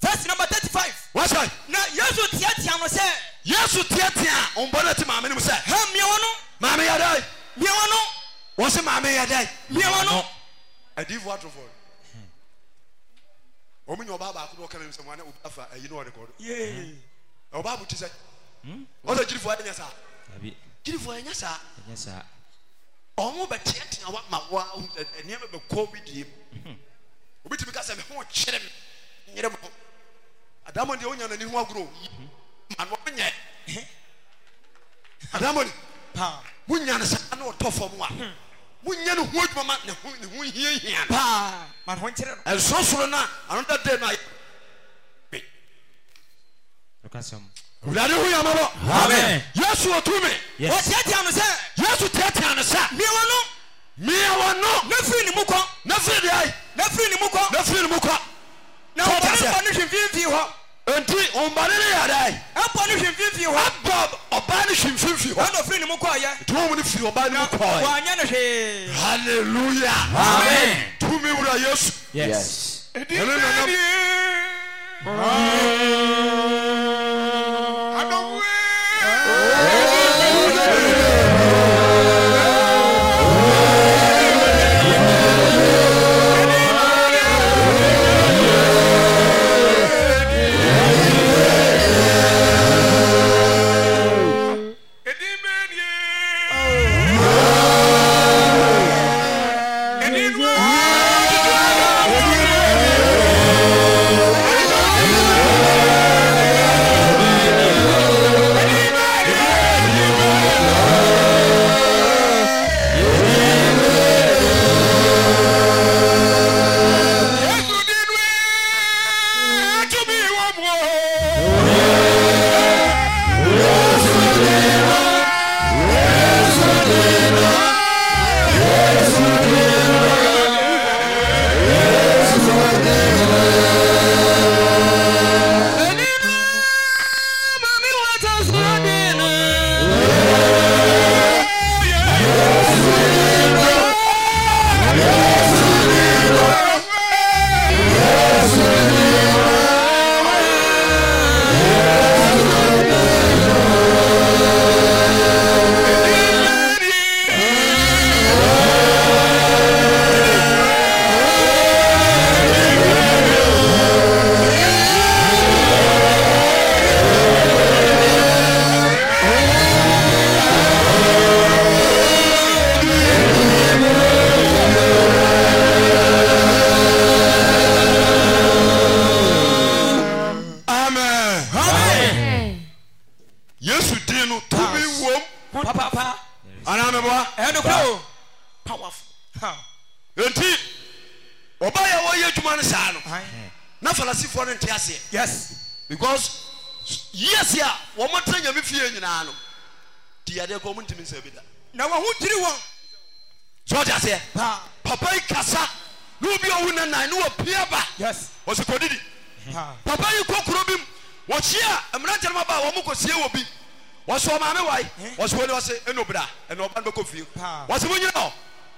verse number 35 wɔsɛ na yesu teatea no sɛ yesu teatea ɔmbɔ no ti maame no mu sɛ ha mmeɛwɔ no maame yɛ dɛn mmeɛwɔ no wɔ se maame yɛ dɛn mmeɛwɔ no adiifoɔ atorofoɔ wɔn nyɛ ɔbaa baako na ɔka mi sɛ wɔn obi afa ɛyi na ɔde kɔ do yee bu ti sɛ ɔsɛ gyirifo ɛnyɛ saa gyirifo ɛnyɛ saa ɛnyɛ saa ɔmo bɛ teatea wa ma wa nneɛma bɛ kɔ bi die mu obi ti mi ka sɛ mɛ ho kyerɛ mi nyere mo adamu deɛ onya n'ani ho agorɔ hmm. ma no ɔnyɛ eh? adamu ni mo nya ne sa na ɔtɔ fam wa. Hmm munyɛ ne ho adwuma ma ne ho ne ho hia hia no paa ma ho nkyerɛ no ɛnsorosoro no a anoda day no ayɛ bi wurade ho yamabɔ amen yesu ɔtumi wɔtiatia no sɛ yesu tiatia no sɛ miɛwɔ no miɛwɔ no na firi ne mu kɔ na firi deɛ na firi ne mu kɔ na firi ne mu kɔ na wɔbɔne bɔ no hwemfimfii hɔ nti mbɔne no yɛ dɛn ɛbɔ firi no hallelujah amen tumi yesu yes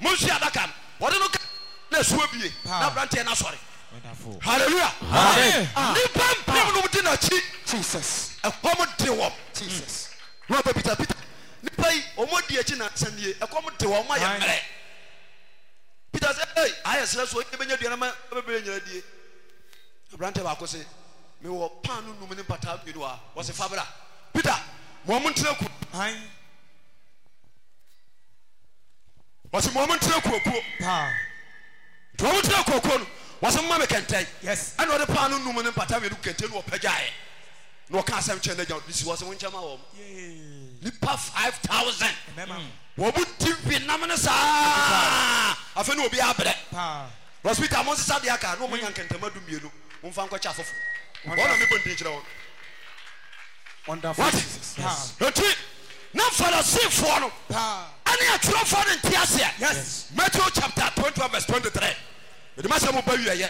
monsi adaka no wɔde no ka na asuo bie na aberanteɛ no asɔre halleluya ah. nipa mpem nom de n'akyi ɛkɔm de wɔm hmm. na ɔbɛ peter peter nipa yi ɔmo di akyi na sanie ɛkɔm de wɔm ayɛ mmerɛ peter sɛ ee ayɛ srɛ so ebɛnya aduane ma ɛbɛbɛrɛ nyina die aberanteɛ baako sɛ mewɔ paanu num ne mpataa mmienu a wɔsɛ fabra peter mo ɔmo ku wɔsi mɔmu ntira kuokuo nti wɔmu ntira kuokuo no wɔsi mma mi kɛntɛn ɛna ɔde paanu numu ne mpata mienu kɛntɛn no wɔpɛ gyae na wɔka asɛm kyɛn n'agya ɔde si wɔsi mo nkyɛn ma wɔn nipa five thousand hmm. wɔmu ti fi nam ne saa afɛn ni obi abrɛ hospital mo nsesa de aka na wɔn nya nkɛntɛnma du mienu mo nfa nkɔ kyɛ asɔfo wɔn na mi bɔ ntin kyerɛ wɔn. Wonderful. What? Yes. Yes. Yes. Yes. Yes ɛne atwerɛfoɔ no nte aseɛ matthew chapter 21 vs 23 mede masɛ moba wiɛyɛ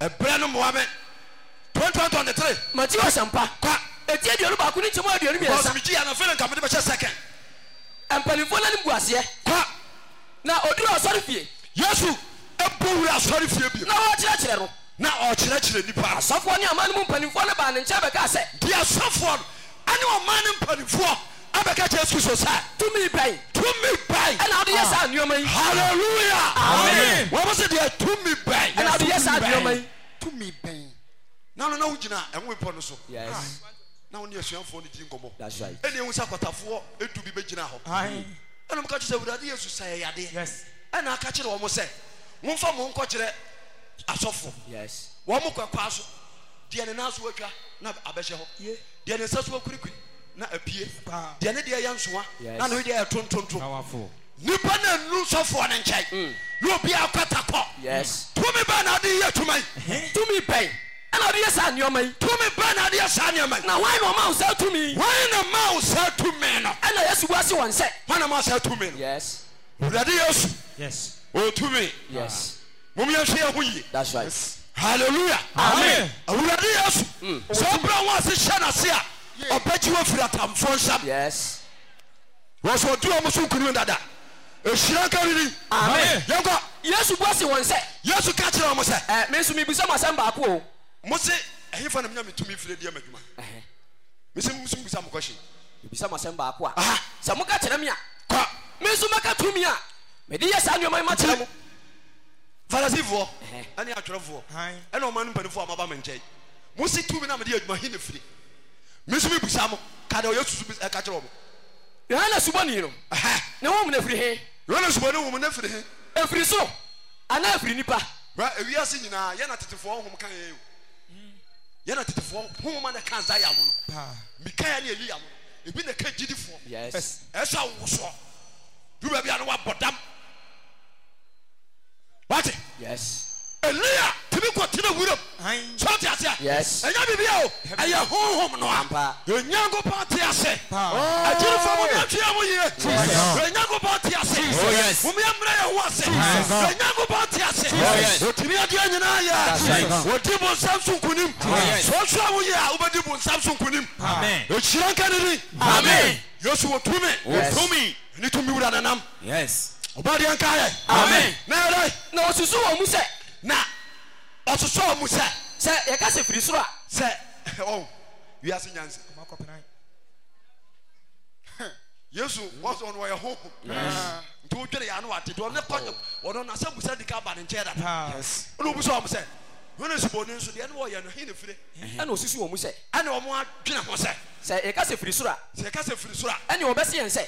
ɛberɛ no mmoa me 2123 matthew asɛmpa ka ɛti aduonu baako ne nkyɛmu aduonu miɛnsamegyi anafei nka mede bɛhyɛ second mpanimfoɔ no anim gu aseɛ ka na ɔduru asɔre fie yesu ɛbɔ wura asɔre fie bio na wɔkyerɛkyerɛ no na ɔkyerɛkyerɛ nipa asɔfoɔ ne ama no mu mpanimfoɔ no baa ne nkyɛn bɛkaa sɛ deɛ asɔfoɔ no ɛne ɔma ne mpanimfoɔ Abeka abɛka kyerɛ kristo sɛ tumi bɛn tumi bɛn ɛna wode yɛ saa nneɔma yi Hallelujah, amen wɔbɛ sɛ deɛ tumi bɛn ɛna wode yɛ saa nneɔma yi tumi bɛn nano na wogyina ɛwo mpɔ no so Yes. Ah. na wone asuafoɔ no gyi nkɔmmɔ ɛne ɛhu sɛ akwatafoɔ ɛdu bi bɛgyina hɔ ɛna mka kyerɛ sɛ awurade yesu sa Yes. ɛna aka kyerɛ wɔ mo sɛ momfa mo nkɔkyerɛ asɔfoɔ wɔ mo kɔkɔa so deɛ ne naa so watwa na abɛhyɛ hɔ deɛ ne nsa so wakurikuri na apie deɛ ne deɛ yɛ nsoa na ne deɛ yɛ tontontom nipa na nu sɔfoɔ ne nkyɛn mm. na obi akɔta kɔ tumi bɛn na ɔde yɛ adwuma yi tumi bɛn ɛna ɔde yɛ saa nneɛma yi tumi bɛn na ɔde yɛ saa nneɛma yi na wɔn na ɔma nsa tumi Why na ma nsa tumi no ɛna yɛsu bu ase wɔn nsɛ wɔn na ma nsa Yes. O wulade yɛsu otumi mo mi yɛ hwɛ yɛ ho yie hallelujah amen awurade Yes. Mm. sɛ ɔbɛn wɔn ase hyɛ n'ase a. ɔbɛgyi wɔ firi atamfoɔ nsam wɔ sɛ ɔdi wɔn so nkunu dada ehyira nka ni ni amen yɛnkɔ. yesu bu ase wɔn sɛ. yesu ka kyerɛ wɔn sɛ. ɛ mi nso mi bisa mo asɛm baako o. mo se ɛyin fana mi nya mi tumi fire di ɛmɛ juma mi se mi nso mi bisa mo kɔsi. mi bisa mo asɛm baako a. sɛ mo ka kyerɛ mi a. kɔ mi nso mɛka tumi a mɛ di yɛ saa nneɛma yi ma kyerɛ mo. farisifoɔ ɛni atwerɛfoɔ ɛna ɔman nimpanifoɔ a ma ba mi nkyɛn mo se tumi na mi di yɛ juma hin ne firi mesumi busa mo kada ɔyɛ susu bi ɛka eh, kyerɛ wɔn. yohane subɔ ni yi no. na wɔn mu na efiri he. yohane subɔ ni wɔn mu na efiri he. efiri so ana efiri nipa. wɛ ewiase nyinaa yɛn na tetefoɔ ɔhom kan yɛn o hmm. yɛn na tetefoɔ ɔhom na kan za yam no mikael ni eli yam no ebi na ka gyidifoɔ ɛsɛ awosoɔ duba bi a wa bɔ dam wate. yes eliya tìmí kò tìmí wúrọ oh. oh, oh, sọ ti ase a ẹnya bìbí yà o ẹyẹ huhum nọ ẹnyanko pa ti ase ẹjiri famu náà fi àwọn yìí ẹnyanko pa ti ase wùmí ẹmúrẹ yẹ wọ ase ẹnyanko pa ti ase òtìmí ẹdí ẹ nyinaa yẹ òdi bò nsàm sunkunim sọsọ àwọn yìí a òbẹ di bò nsàm sunkunim èkyirá nkánini yosu wò túmí wò túmí ẹni túmí wúrọ ànánám ọba di ẹnká yẹ. na yẹrẹ na osusu wọn mu sẹ na ɔsosɔ mu sɛ. sɛ yɛka sɛ firi soro a. sɛ ɔn wiase nyansa. ɔmɔ kɔ pɛnɛ. yesu wɔsɔ ɔno ɔyɛ hoho nti o dwere yaanu ati ti ɔne kɔnyɛ ɔno na sɛ musa di ka ba ne nkyɛn da. ɔno obi sɔ ɔmo sɛ wọn esi bɔ ne nso deɛ ɛna wɔyɛ no hin ne fire. ɛna osisi wɔn sɛ. ɛna wɔn adwene ho sɛ. sɛ yɛka sɛ firi soro a. sɛ yɛka sɛ firi soro a. ɛna wɔbɛsi yɛn sɛ.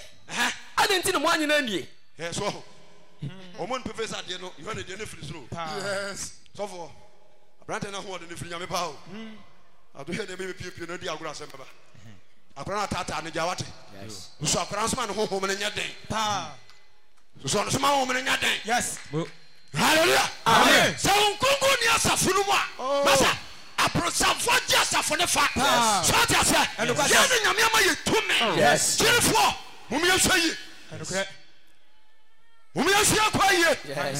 ɛna nti na mo anyina nie. ɛ ɔmo nipa fɛ sɛ adeɛ no yohane deɛ ne firi soro sɔfo aberante no ahoɔden ne firi nyame paa o adohɛ deɛ mɛmɛ piepie no di agorɔ asɛm bɛba hmm. akora no ataataa ne gya wate nso akora nsoma ne honhom no nyɛ den nso nsoma honhom no nyɛ den hallelujah amen sɛ wo nkonko ni asafo no mu a oh. masa aporosafo gye asafo ne fa so ate aseɛ yɛne nyame ama yɛ tumi kyerefoɔ mom yɛhwɛ yie womyɛsia kwa yie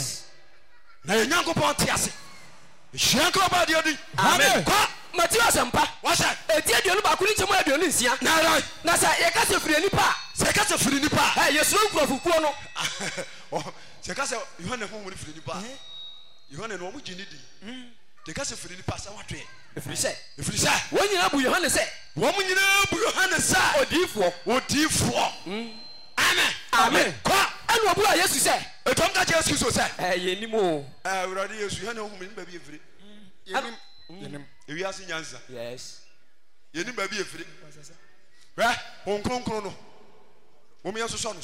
na yɛ nyankopɔn te ase hyia nka ɔbaadeɛ di kɔ mati asɛmpa wɔsɛ ɛti aduonu baako ne nkyɛmu aduonu nsia nara na sɛ yɛka sɛ firi nipa a sɛ yɛka sɛ firi nipa a ɛ yɛsuro nkurɔfokuo no [laughs] sɛ yɛka yohane ho wɔne firi nipa eh? yohane no ɔmo gye ne di hmm. yɛka sɛ firi nipa sɛ watoɛ ɛfiri sɛ ɛfiri sɛ wɔn nyinaa bu yohane sɛ wɔn nyinaa bu yohane sɛ odiifoɔ odiifoɔ hmm. amen amen kɔ ɛna ɔbu a yesu sɛ. ètò ɔmu kakyɛ yesu so sɛ. ɛ yɛ nim ɛ awurade yesu yɛn ohun mi ni baabi efiri. yɛnim yɛnim ewi ase nyansa. yes. yɛnim baabi efiri. wɛ wɔn kronkron no wɔn yɛ sosɔ no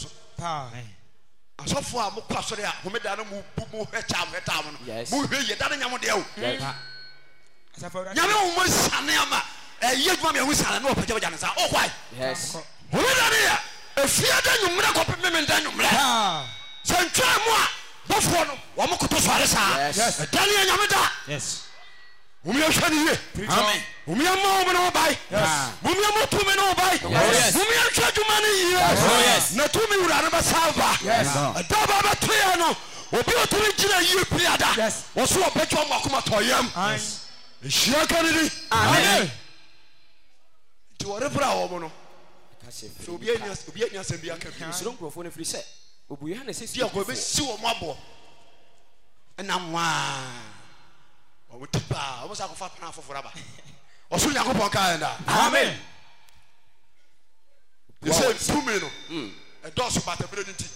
asɔfo a mo kɔ asɔre a mo da no mo bu mo hɛ kya mo hɛ taa mo no mo hwɛ yie da nyamu deɛ o nyame wo mo sane ama ɛyɛ adwuma mi ɛho sane ne wɔpɛgyabagya ne nsa ɔkwae mo da ne yɛ efie da nwummerɛ kɔpe meme nda nwummerɛ sɛ ntwaa mu a bɔfoɔ no wɔmo koto sɔre saa ɛda ne yɛ nyame da mumiyɛhwɛ ne ye mumiyɛ ma wo mene wo bae mumiyɛ mo tumi ne wo bae mumiyɛ nhwɛ oh, adwuma ne yie oh, na tumi wura ne bɛsa ba ɛda ba bɛtoyɛ no obi otumi gyina yie piada wɔso wɔbɛtwa ɔmo akoma tɔyɛm nhyira ka ne di nti wɔrebrɛ a wɔ mo no so obi enya obi enya asɛm bi aka bi nsoro nkurɔfoɔ no firi sɛ obu yohane sɛ di akɔ ebesi wɔn aboɔ ɛna nwaa wɔn ti paa wɔn sɛ akɔfa pan afoforɔ aba [laughs] ɔsoro nyankopɔn kaa yɛn da amen yɛsɛ tumi no hmm. ɛdɔɔso batabere no nti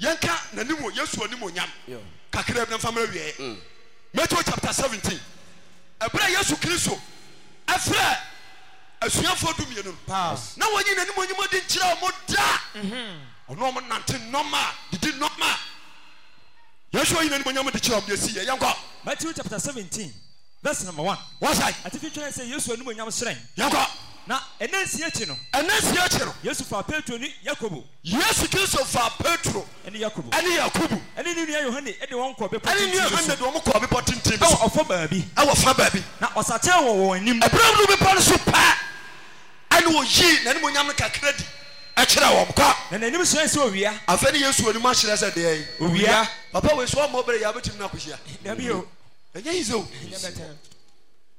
yɛnka n'anim o yesu anim o nyam kakra bi na nfamara wieɛ hmm. matthew chapter seventeen ɛbrɛ yesu kristo ɛfrɛ asuafoɔ dumienu na wɔnyi n'anim onyim di nkyerɛ ɔmo da mhm. ɔno ɔmo nante nɔma didi nɔma yɛsɛ ɔnyi n'anim onyim di kyerɛ ɔmo yɛsi yɛ yɛnkɔ. matthew chapter seventeen verse number one. wɔsai. ati fi twɛn sɛ yesu anim onyam srɛn. yɛnkɔ na ɛnɛ nsi akyi no. ɛnɛ nsi akyi no. yesu fa petro ni yakobo. yesu kristo fa petro. ɛni yakobo. ɛni yakobo. ɛni ni nua yohane ɛdi wɔn kɔ bepɔ tenten ɛni nua yohane ɛdi wɔn kɔ bepɔ tenten bi so. ɛwɔ ɔfɔ baabi. ɛwɔ ɔfɔ baabi. na ɔsakyɛ wɔ wɔn anim. ɛbinom no bepɔ no so paa ɛni oyi na ɛni mo nyam no kakra di ɛkyerɛ wɔn kɔ. na n'anim sɔn esi owia. afɛn ni yesu onim akyerɛ sɛ deɛ yi. owia. papa wo esu ɔmɔ bere yi a bɛ ti mu n'akosia. dabi ɛnyɛ yi sɛ o.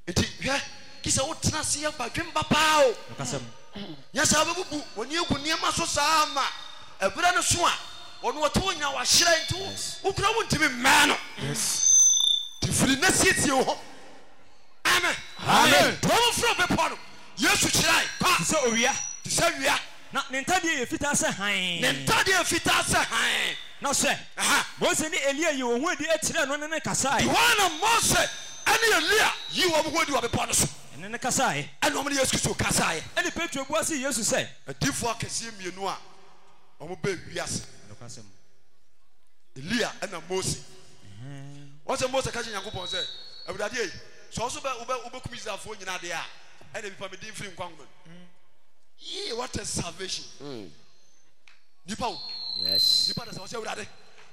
hwɛ gye sɛ wotena oh, ase yɛ badwem ba paa o nyɛ sɛ wobɛbubu wɔni agu nneɛma so saa ma ɛberɛ no so a ɔno wɔte wo nya wahyerɛ nti wokura wontumi mmaa no nti firi na siesie wo hɔ amen dɔmfrɛ bɛpɔ no yesu kyerɛe ka sɛ owia te sɛ wia na ne ntadeɛ yɛ fitaa sɛ hann ne ntadeɛ yɛ fitaa sɛ hann na sɛ mose ne elia yi wɔn ho adi akyerɛ no ne ne kasae hɔ na mose ɛne elia yi wɔn ho adi wɔ bepɔ no so ɛne ne kasaeɛ ɛne ɔmo ne yesu kristo kasaeɛ ɛne petro bua se yesu sɛ adiifoɔ akɛseɛ mmienu a ɔmo bɛ wiase elia ɛna mose wɔn sɛ mose ka kyerɛ nyankopɔn sɛ awurade sɛ ɔso So wobɛ wobɛkum israelfoɔ nyinaa deɛ a ɛna bipa medin firi nkwa nwoma mm. yee what a salvation mm. nipa wo nipa da sɛ ɔsɛ awurade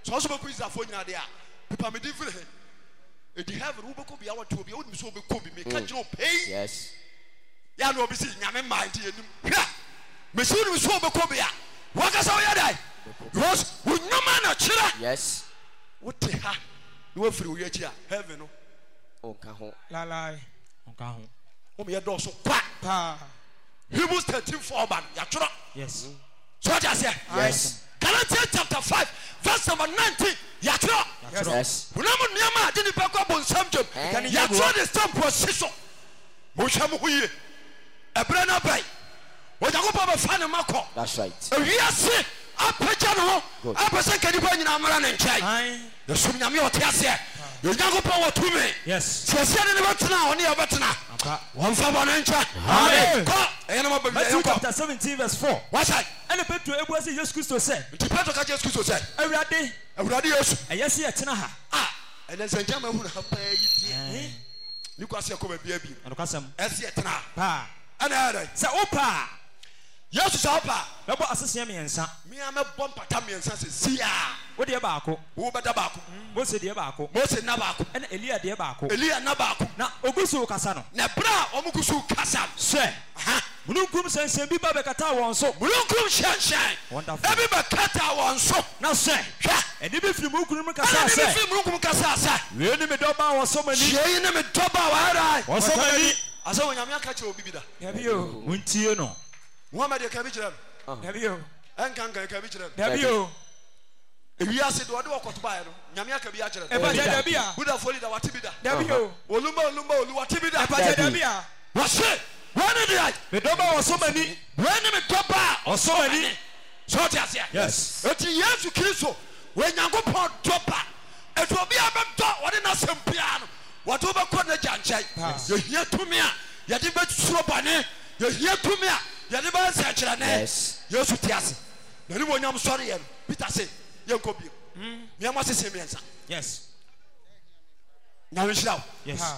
sɛ ɔso bɛkum israelfoɔ nyinaa deɛ a bipa medin firi hɛ ɛdi heaven wobɛkɔ oh. bia wɔte obia wonim sɛ wobɛkɔ bi meka kyerɛ wo pei yɛ na ɔbi sɛ nyame ma nti yɛnim hwɛ mesi wonim sɛ wobɛkɔ bia wakasa woyɛ dɛ because wo nnwoma na kyerɛ wote ha na woafiri wo yɛakyi a heaven no ɔnka ho lalae eh. ɔnka ho womeyɛ oh, so. kwa paa hebrews 13 4 ba no Yes. sɛ wote aseɛ Galatians chapter five verse number nineteen yàtúrọ̀ wùnàmù nìyẹn àti nípa kọ́ bọ̀ nsàm jẹm yàtúrọ̀ de stamp wọ̀ sí so mo hyẹ mo hu yie ẹ̀bẹ̀rẹ̀ náà bẹ̀yì ọ̀jàkùnbọ̀ bẹ̀ fa ni ma kọ̀ ewia se apẹja ni hɔ apẹsẹ nkẹ nípa nyina amara ni nkyɛn yasum nyame ɔte aseɛ onyankopɔn wɔ tumi siasia ne ne bɛtena ɔne yɛ bɛtena wɔmfa bɔne nkyɛ kɔ ɛyɛnmabɛyɛnkɔ wasɛ ɛne petro ɛbua sɛ yesu kristo sɛ nti petro ka kyɛ yesu kristo sɛ awurade awurade yesu ɛyɛ sɛ yɛtena ha a ɛnɛ nsɛnkyɛ ma hunu ha paa yi deɛ ne kwasɛ ɛkɔ baabia bi ɛsɛ yɛtena ha ɛne ɛdɛ sɛ wopaa yesu sɛ ɔba mɛbɔ asesia mmiɛnsa mia mɛbɔ mpata mmiɛnsa sɛ sia wo deɛ baako wo bɛda baako mm, mose deɛ baako mose na baako ɛna eliya deɛ baako eliya na baako na ogu so kasa no na berɛ a ɔmo kasa sɛ mununkum hyɛnhyɛn bi ba bɛkata wɔn so mununkum hyɛnhyɛn ebi bɛkata wɔn so na sɛ hwɛ ɛni bi firi mununkum kasa sɛ ɛni bi firi mununkum kasa sɛ wei ni mi dɔba wɔn sɔmɔ ni wei ni mi dɔba wɔn ara wɔn sɔmɔ ni asɛ wɔn kakyɛ obi bi da ɛbi o ntie no muhammad yɛ kabi kyerɛ no dabi o ɛnkanka yɛ kabi kyerɛ no dabi o ewiase de ɔde wɔkɔto baeɛ no nyame aka bi akyerɛ no ɛbɛkyɛ dabi a budafoɔ lida wate bi da dabi o olumba olumba olu wate bi da ɛbɛkyɛ dabi a wɔse wɔne de ayi me dɔba a wɔsɔ m'ani dɔba a ɔsɔ m'ani sɛ ɔte yes eti yesu kristo wɔnyankopɔn dɔba etu obi a bɛdɔ wɔde n'asɛm pia no wɔde wɔbɛkɔ n'agya nkyɛn yɛhia tumi a yɛde bɛsoro bɔne yɛhia yɛde bɛ nsɛ kyerɛ ne yesu te ase n'anim onyam sɔre yɛ no peter se yɛnkɔ bio nneɛma hmm. sese mmiɛnsa nyame nhyira wo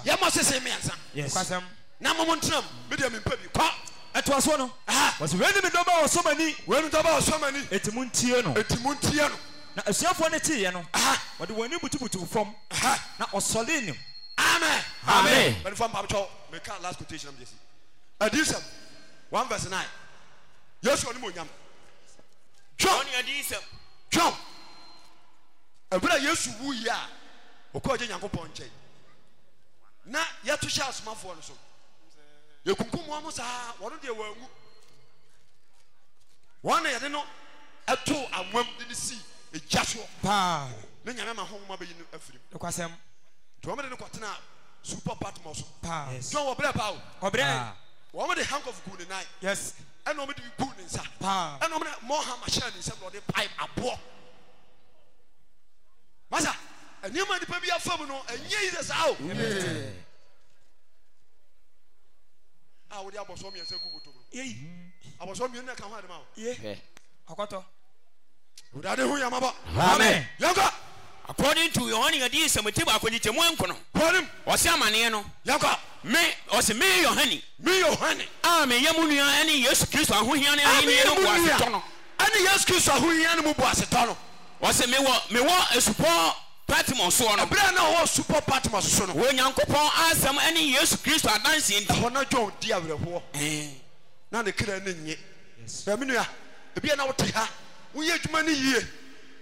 yɛma sese mmiɛnsa na momo ntenam medeɛ mempɛ bi kɔ ɛtoa soɔ no wɔsɛ wei ne me dɔba a ɔsɔm ani wei ne dɔba a ɔsɔm ani ɛti mu ntie no ɛti mu ntie no na asuafoɔ no teeɛ no wɔde wɔn ani butubutu fam na ɔsɔlee nim amen amen mɛnifa mpamkyɛw meka last quotation am deɛ si adisɛm one verse nine yesu ɔni mo nyam twɛn ɔni adi nsɛm twɛn ɛbɛrɛ yesu wu yi a ɔkɔ ɔgye nyanko pɔn nkyɛn na yɛto hyɛ asomafoɔ no so yɛkunkum wɔn mo saa wɔn deɛ wɔn awu wɔn na yɛde no ɛto amoam de ne si egya soɔ paa ne nyame ma ho nwoma bɛyi no afiri mu ɛkwasɛm nti wɔn de no kɔtena super patmos paa jɔn wɔ brɛ paa o ɔbrɛ wɔn de handcuff gu ne nan yes ɛna wɔn de bi gu ne nsa paa ɛna wɔn de more hammer hyɛ ne nsa na wɔde pipe aboɔ masa nneɛma nipa bi afa mu no ɛnyɛ yi sɛ saa o a wɔde abɔsɔ mmiɛnsa gu bɔtɔ mu yeyi abɔsɔ mmiɛnsa ka ho adama o ye akɔtɔ wòdade ho yamabɔ amen yankɔ. according to yohane adiyi sɛ mete baako gyi kyɛmu anko no ɔse amanneɛ no me ɔse me yohane me yohane a meyɛ mu nua ɛne yesu kristo ahohia ne ahenneɛ no boasetɔ no ɛne yesu kristo ahohia no mu boasetɔ no ɔse mewɔ mewɔ asupɔ patmos soɔ no ɛberɛ na ɔwɔ supɔ patmos so no wɔ onyankopɔn asɛm ɛne yesu kristo adanseɛ nti ɛhɔ na john di awerɛhoɔ na ne kra no nye bɛme nua ebia na wote ha woyɛ adwuma no yie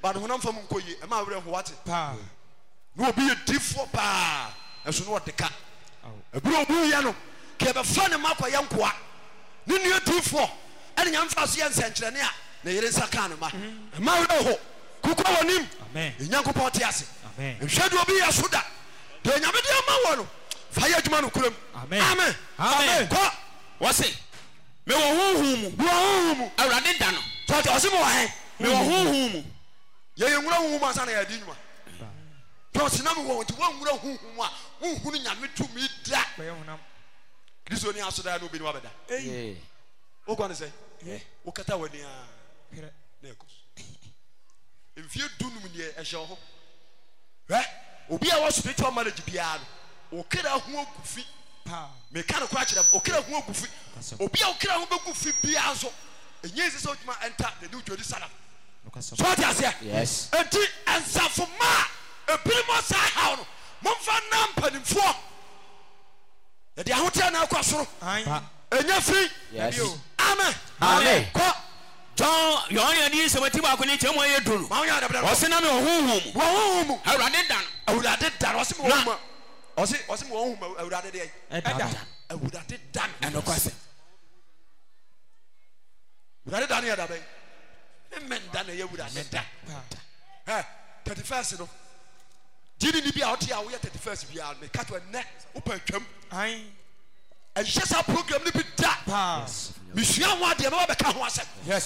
but honam fam nkɔ yie ɛma awerɛ ho wate na obi yɛ difoɔ paa ɛso na ɔde ka ɛburo obi yɛ no kɛ bɛfa ne ma kɔyɛ nkoa ne nua difoɔ ɛne nyamfa so yɛ nsɛnkyerɛne a na yere nsa kaa ne ma ɛma awerɛ ho kukɔ wɔ nim e nyankopɔn te ase nhwɛ e de obi yɛ so da deɛ nyame deɛ ma wɔ no fa yɛ adwuma no kuram amen amen kɔ wɔse mewɔ honhom mu mewɔ honhom mu awurade da no tɔte ɔse mewɔ hɛn mewɔ honhom mu yɛyɛ nwura huhum asa na yɛde nnwuma pɛɔsena me wɔ nti woanwura huhum a wohunu nyame tumi da kristo ni asodaa na da. wabɛda wokɔ ne sɛ wokata w'ani a na ɛkɔ so mfie dunum deɛ ɛhyɛ wo ho hɛ obi a wɔspiritual marriage biara no wokra ho agu fi meka no kora kyerɛ m wokra ho agu fi obi a wokra ho bɛgu fi biara nso ɛnyɛ nsi sɛ wotuma enter the new jodi salam so ɔte aseɛ enti nsafoma a ebinom saa haw no momfa na mpanimfoɔ yɛde ahoteɛ na ɛkɔ soro ɛnyɛ firi amen kɔ jɔn yɔnyɛ ni sɛbɛti baako ni cɛ ye dolo ɔsi na mi mu ɔhuhu mu awurade dan awurade dan ɔsi mi ɔhuhu mu ɔsi ɔsi mi ɔhuhu mu awurade de yɛ ɛdan awurade dan ɛnɛ awurade dan yɛ dabɛ mmɛnda na ɛyɛ wura mɛda ɛ thirty first no gyini ni bi a ɔte a woyɛ thirty first bi a mɛka to ɛnɛ wopɛ twam ɛhyɛ saa program ni bi da mesua ho adeɛ mɛba bɛka ho asɛm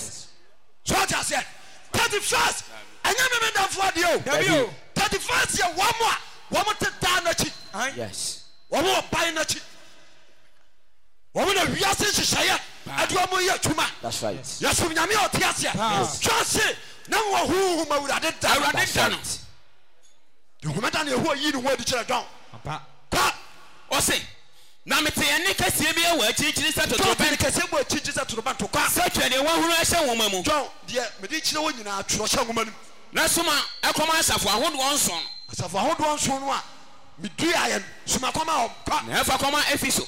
so ɔte aseɛ thirty first ɛnyɛ mi mi danfo adeɛ o thirty first yɛ wɔn a wɔn te daa n'akyi wɔn wɔ ban n'akyi wɔn na wiase nhyehyɛeɛ ɛde ɔmo yɛ adwuma yɛsom nyame a ɔte aseɛ ah. twa se na wɔ hohom awurade da awurade da no nhomada no yɛhoa yii ne ho adi kyerɛ dɔn pa ɔse na mete ɛne kɛseɛ bi ɛwɔ akyirikyiri sɛ totobɛn kɛseɛ bɔ akyirikyiri sɛ totobɛnto kwa sɛ twɛ deɛ wahunu ɛhyɛ nwoma mu dɔn deɛ mede kyerɛ wɔ nyinaa twerɛ hyɛ nwoma no mu na soma ɛkɔm asafo ahodoɔ nson asafo ahodoɔ nson no a medua yɛ no soma kɔma hɔ na ɛfa kɔma ɛfi so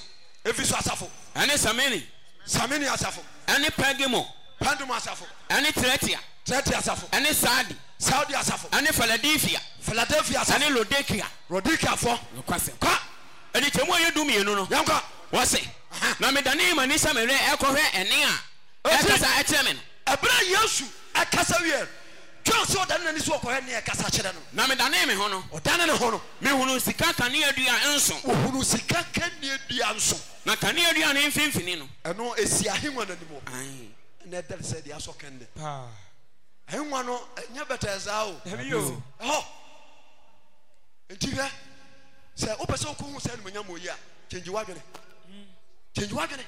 asafo ɛne sameni samini asafo. ɛne pɛgimo. pɛndumu asafo. ɛne tirɛtia. tirɛtia asafo. ɛne saadi. saadi asafo. ɛne filadelfia. filadelfia asafo. ɛne lodekia. lodekia fɔ. nukwasɛm. kɔ. ɛdi tɛmu a yɛ du mienu no. yankɔ. wɔsi. na mi dani ma ni samiri ɛkɔhɛ ɛni a. ɛkasa ɛkyerɛ mi no. ɛbɛrɛ yesu ɛkasa wiye twerɛ sɛ ɔdane nani sɛ ɔkɔhɛ ne kasa kyerɛ no na medane me ho no ɔdane ne ho no mehunu sika kanea dua nso wohunu sika kanea dua nso na kanea dua ne mfimfini no ɛno ɛsi ahengua no anim na ɛdɛre sɛ deɛ asɔ kɛndɛ ahengua no ɛnyɛ bɛtɛɛ saa o ɛhɔ nti hwɛ sɛ wopɛ sɛ wokɔhu sɛ animonyam ɔyi a kyɛngyi w'adwene kyɛngyi w'adwene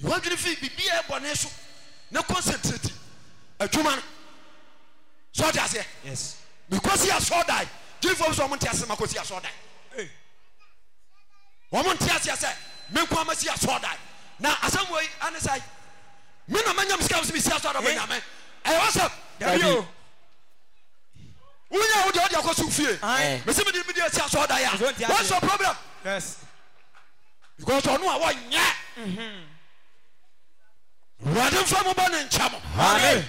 yiw'adwene fii biribiaa ɛbɔne so na concentrate adwuma no sɔɔ di aseɛ yes because yɛ sɔɔ da yi jifo bi sɔ ɔmo nti ase ma ko si yɛ sɔɔ da yi ɔmo nti aseɛ sɛ mi nko ama si yɛ sɔɔ da yi na asɛm wo yi ani sa yi mi na ma nyam sika mi si yɛ sɔɔ da bɔ nyame ɛyɛ wasap dabi o wúnyẹ wo de ọdi akọ sùn fie mẹsì mi di mi di esi asọ ọda yà wọn sọ problem Yes. because ọnu a wọn nyẹ wurade mfa mo bɔ ne nkyɛ mo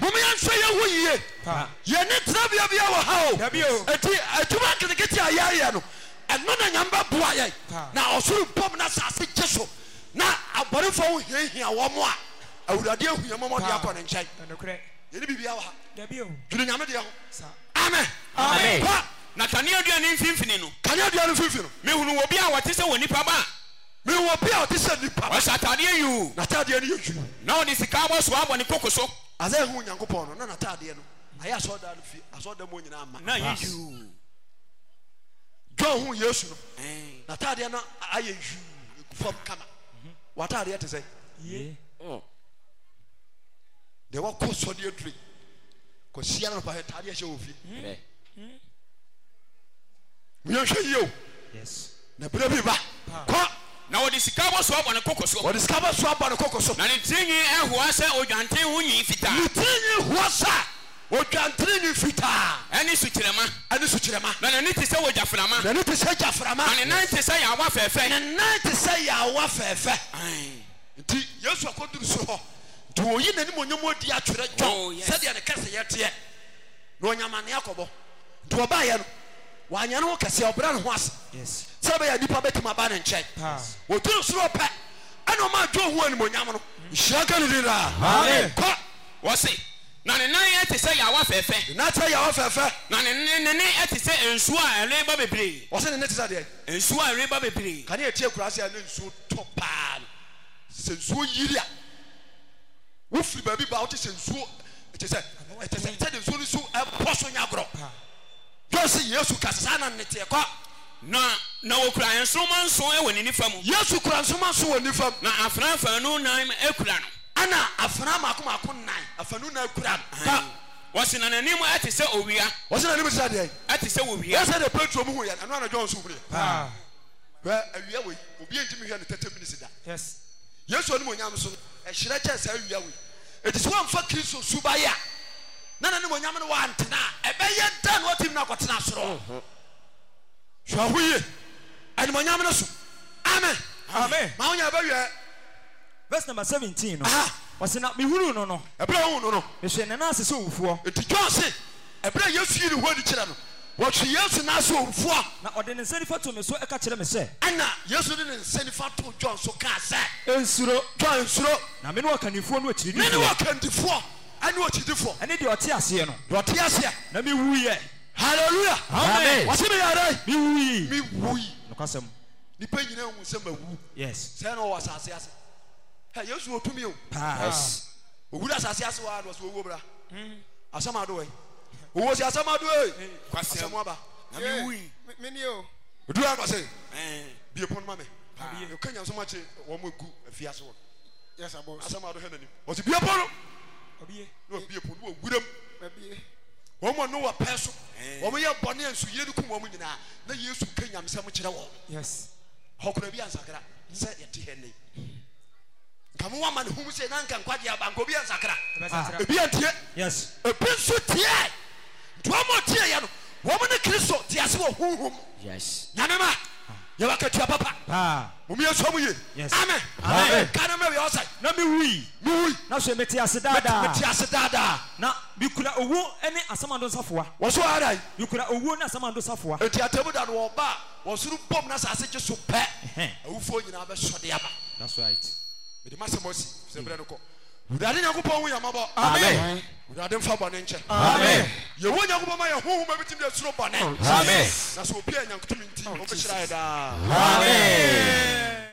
momyɛnhwɛ yɛ ho yie yɛne tenabea bia wɔ ha o ɛnti adwuma nketekete a yɛayɛ no ɛno na nyame bɛboa yɛn na ɔsoro bɔm no asase gye so na abɔnefoɔ ho hiahia wɔ mo a awurade ahua mɔmɔ de akɔ ne nkyɛn yɛne biribia wɔ ha dwene nyame deɛ ho amen natane adua ne mfimfini no kane adua no mfimfini no mehunu wɔ bi a wɔte sɛ wɔ nipa ba a mi wɔ bi a ɔte sɛ nipa. ɔhyɛ ataadeɛ yu. n'ataadeɛ no yɛ dwuma. na ɔde sika amɔsoa abɔ ne koko so. ase ehu nyankopɔn no na n'ataadeɛ no ayɛ asɔɔdan no fi asɔɔdan mu nyinaa ma. na yɛ yu. jɔn hu yesu no n'ataadeɛ no ayɛ yu egu fam kama w'ataadeɛ te sɛ. deɛ wakɔ sɔdeɛ dure kò sí ara pa ataadeɛ hyɛ òfin. mi yɛn hwɛ yie o. na bere bi ba kɔ na wɔde sika bɔ so abɔ ne koko so. wɔde sika bɔ so abɔ ne koko so. na ne tirinwi ɛhoa sɛ odwanten ho nyi fitaa. ne tirinwi hoa sa odwanten nyi fitaa. ɛne sukyerɛma. ɛne sukyerɛma. na n'ani ti sɛ wɔ jaframa. n'ani ti sɛ jaframa. na ne nan ti sɛ yawa fɛɛfɛ. ne nan ti sɛ yawa fɛɛfɛ. nti yesu akɔduru so hɔ nti oyi n'anim onyam odi atwerɛ jɔn oh, sɛdeɛ ne kɛse yɛ teɛ na onyamane akɔbɔ nti ɔbaa wanyɛ ne ho kɛseɛ ɔbrɛ ne ho ase sɛ bɛyɛ nnipa bɛtumi aba ne nkyɛn wɔduru soro pɛ ɛna ɔma adwo ho animonyam no nhyira ka ne din daa kɔ wɔ se na ne nan ɛte sɛ yawa fɛɛfɛ na sɛ yawa fɛɛfɛ na ne ne ne ne ɛte sɛ nsuo a ɛre ba bebree wɔsɛ ne ne te sɛ deɛ nsuo a ɛre ba bebree kane yɛ tie kura sɛ ne nsuo tɔ paa no sɛ nsuo yiri a wofiri baabi ba wote sɛ nsuo ɛkyɛ sɛ ɛkyɛ sɛ ɛkyɛ de nsuo no so ɛpɔ so nyagorɔ dɔsi yesu kasa na ne teɛ kɔ. na na wɔkura nsoma nson wɔ ne nifa mu. yesu kura nsoma nson wɔ nifa mu. na afena afanu nan ekura no. ɛna afena mako mako nan afanu nan ekura no. ka wɔsi na n'anim ɛte sɛ owia. wɔsi na n'anim sɛ deɛ. ɛte sɛ owia. wɔsi de petro mu hu yɛ ɛnu anadɔ nsu wuli. bɛ awia wɔ yi obi yɛn ti mi hwɛ ne tɛtɛ minisi da. yesu onimu onyam so ɛhyerɛ kyɛ sɛ awia wɔ yi. eti sɛ wɔn fa kristu suba yi a na na ne mo nyam no wantena a ɛbɛyɛ da na watumi no akɔtena soro hwɛ ho ye animonyam no so amen amen ma wonya bɛwiɛ verse number 17 no wɔse na mehunu no no ɛberɛ hu no no mehwɛ ne naase sɛ owufoɔ ɛti john se ɛberɛ yesu yi ne hɔ ni kyerɛ no wɔtwe yesu n'ase owufoɔ na ɔde ne nsa nifa to me so ɛka kyerɛ me sɛ ɛna yesu de ne nsa nifa to john so kaa sɛ nsuro john nsuro na me ne wɔkannifoɔ no akyiri ne ne wɔkannifoɔ ɛne ɔkyidifoɔ ɛne deɛ ɔte aseɛ no deɛ ɔte aseɛ na mewuyɛ halleluya amen wɔse meyɛ dɛ mewuyi mewuyi nokwasɛm nipa nyinaa hu sɛ mawu yes sɛɛ na ɔwɔ asase ase hɛ yesu wɔ tumi o paas ah. owura asase ase wa na ɔsɛ owuo bra hmm. asɛm adoɛ owó si asɛm adoɛ asɛm aba na mewuyi mene o odu akɔ sɛ bie pɔn ma mɛ ɔkanya nsɔmakyɛ wɔn mu egu afiase wɔ asɛm adoɛ hɛ nanim ɔsi bie pɔn na obie po na owuram wɔn mu no wɔ pɛ so wɔn yɛ bɔnne nsuyire no kum wɔn nyinaa na yesu ka nyamsɛm kyerɛ wɔn hɔkora bi ansakra sɛ yɛte hɛ nnɛ nka mo wama ne hum sɛ na nka nkwagye aba nka obi ansakra ebi antie ebi nso tie nti wɔn tie yɛ no wɔn ne kristo te ase wɔ huhum nyame ma yɛbɛka tua papa omi yɛ sɔmu ye amen amen kana mɛ yɛ ɔsɛ. na mi wui mi wui na sɛ mi ti ase daadaa mi ti ase daadaa na mi kura owu ɛni asamando safoa. wɔsɔ ara yi mi kura owu ɛni asamando safoa. eti atemu da no ɔba wɔsoro bɔm na sase gye so pɛ awufo nyinaa bɛ sɔde aba. that's right. mede ma sɛ mɔ si sɛ brɛ no kɔ wurade nyankopɔn ho yamabɔ amen wurade mfa bɔne nkyɛ amen yɛwɔ nyankopɔn ma yɛ honhom bɛbɛtumi de asuro bɔne amen na sɛ obi a nyankotumi nti oh, ɔbɛhyira yɛ daa amen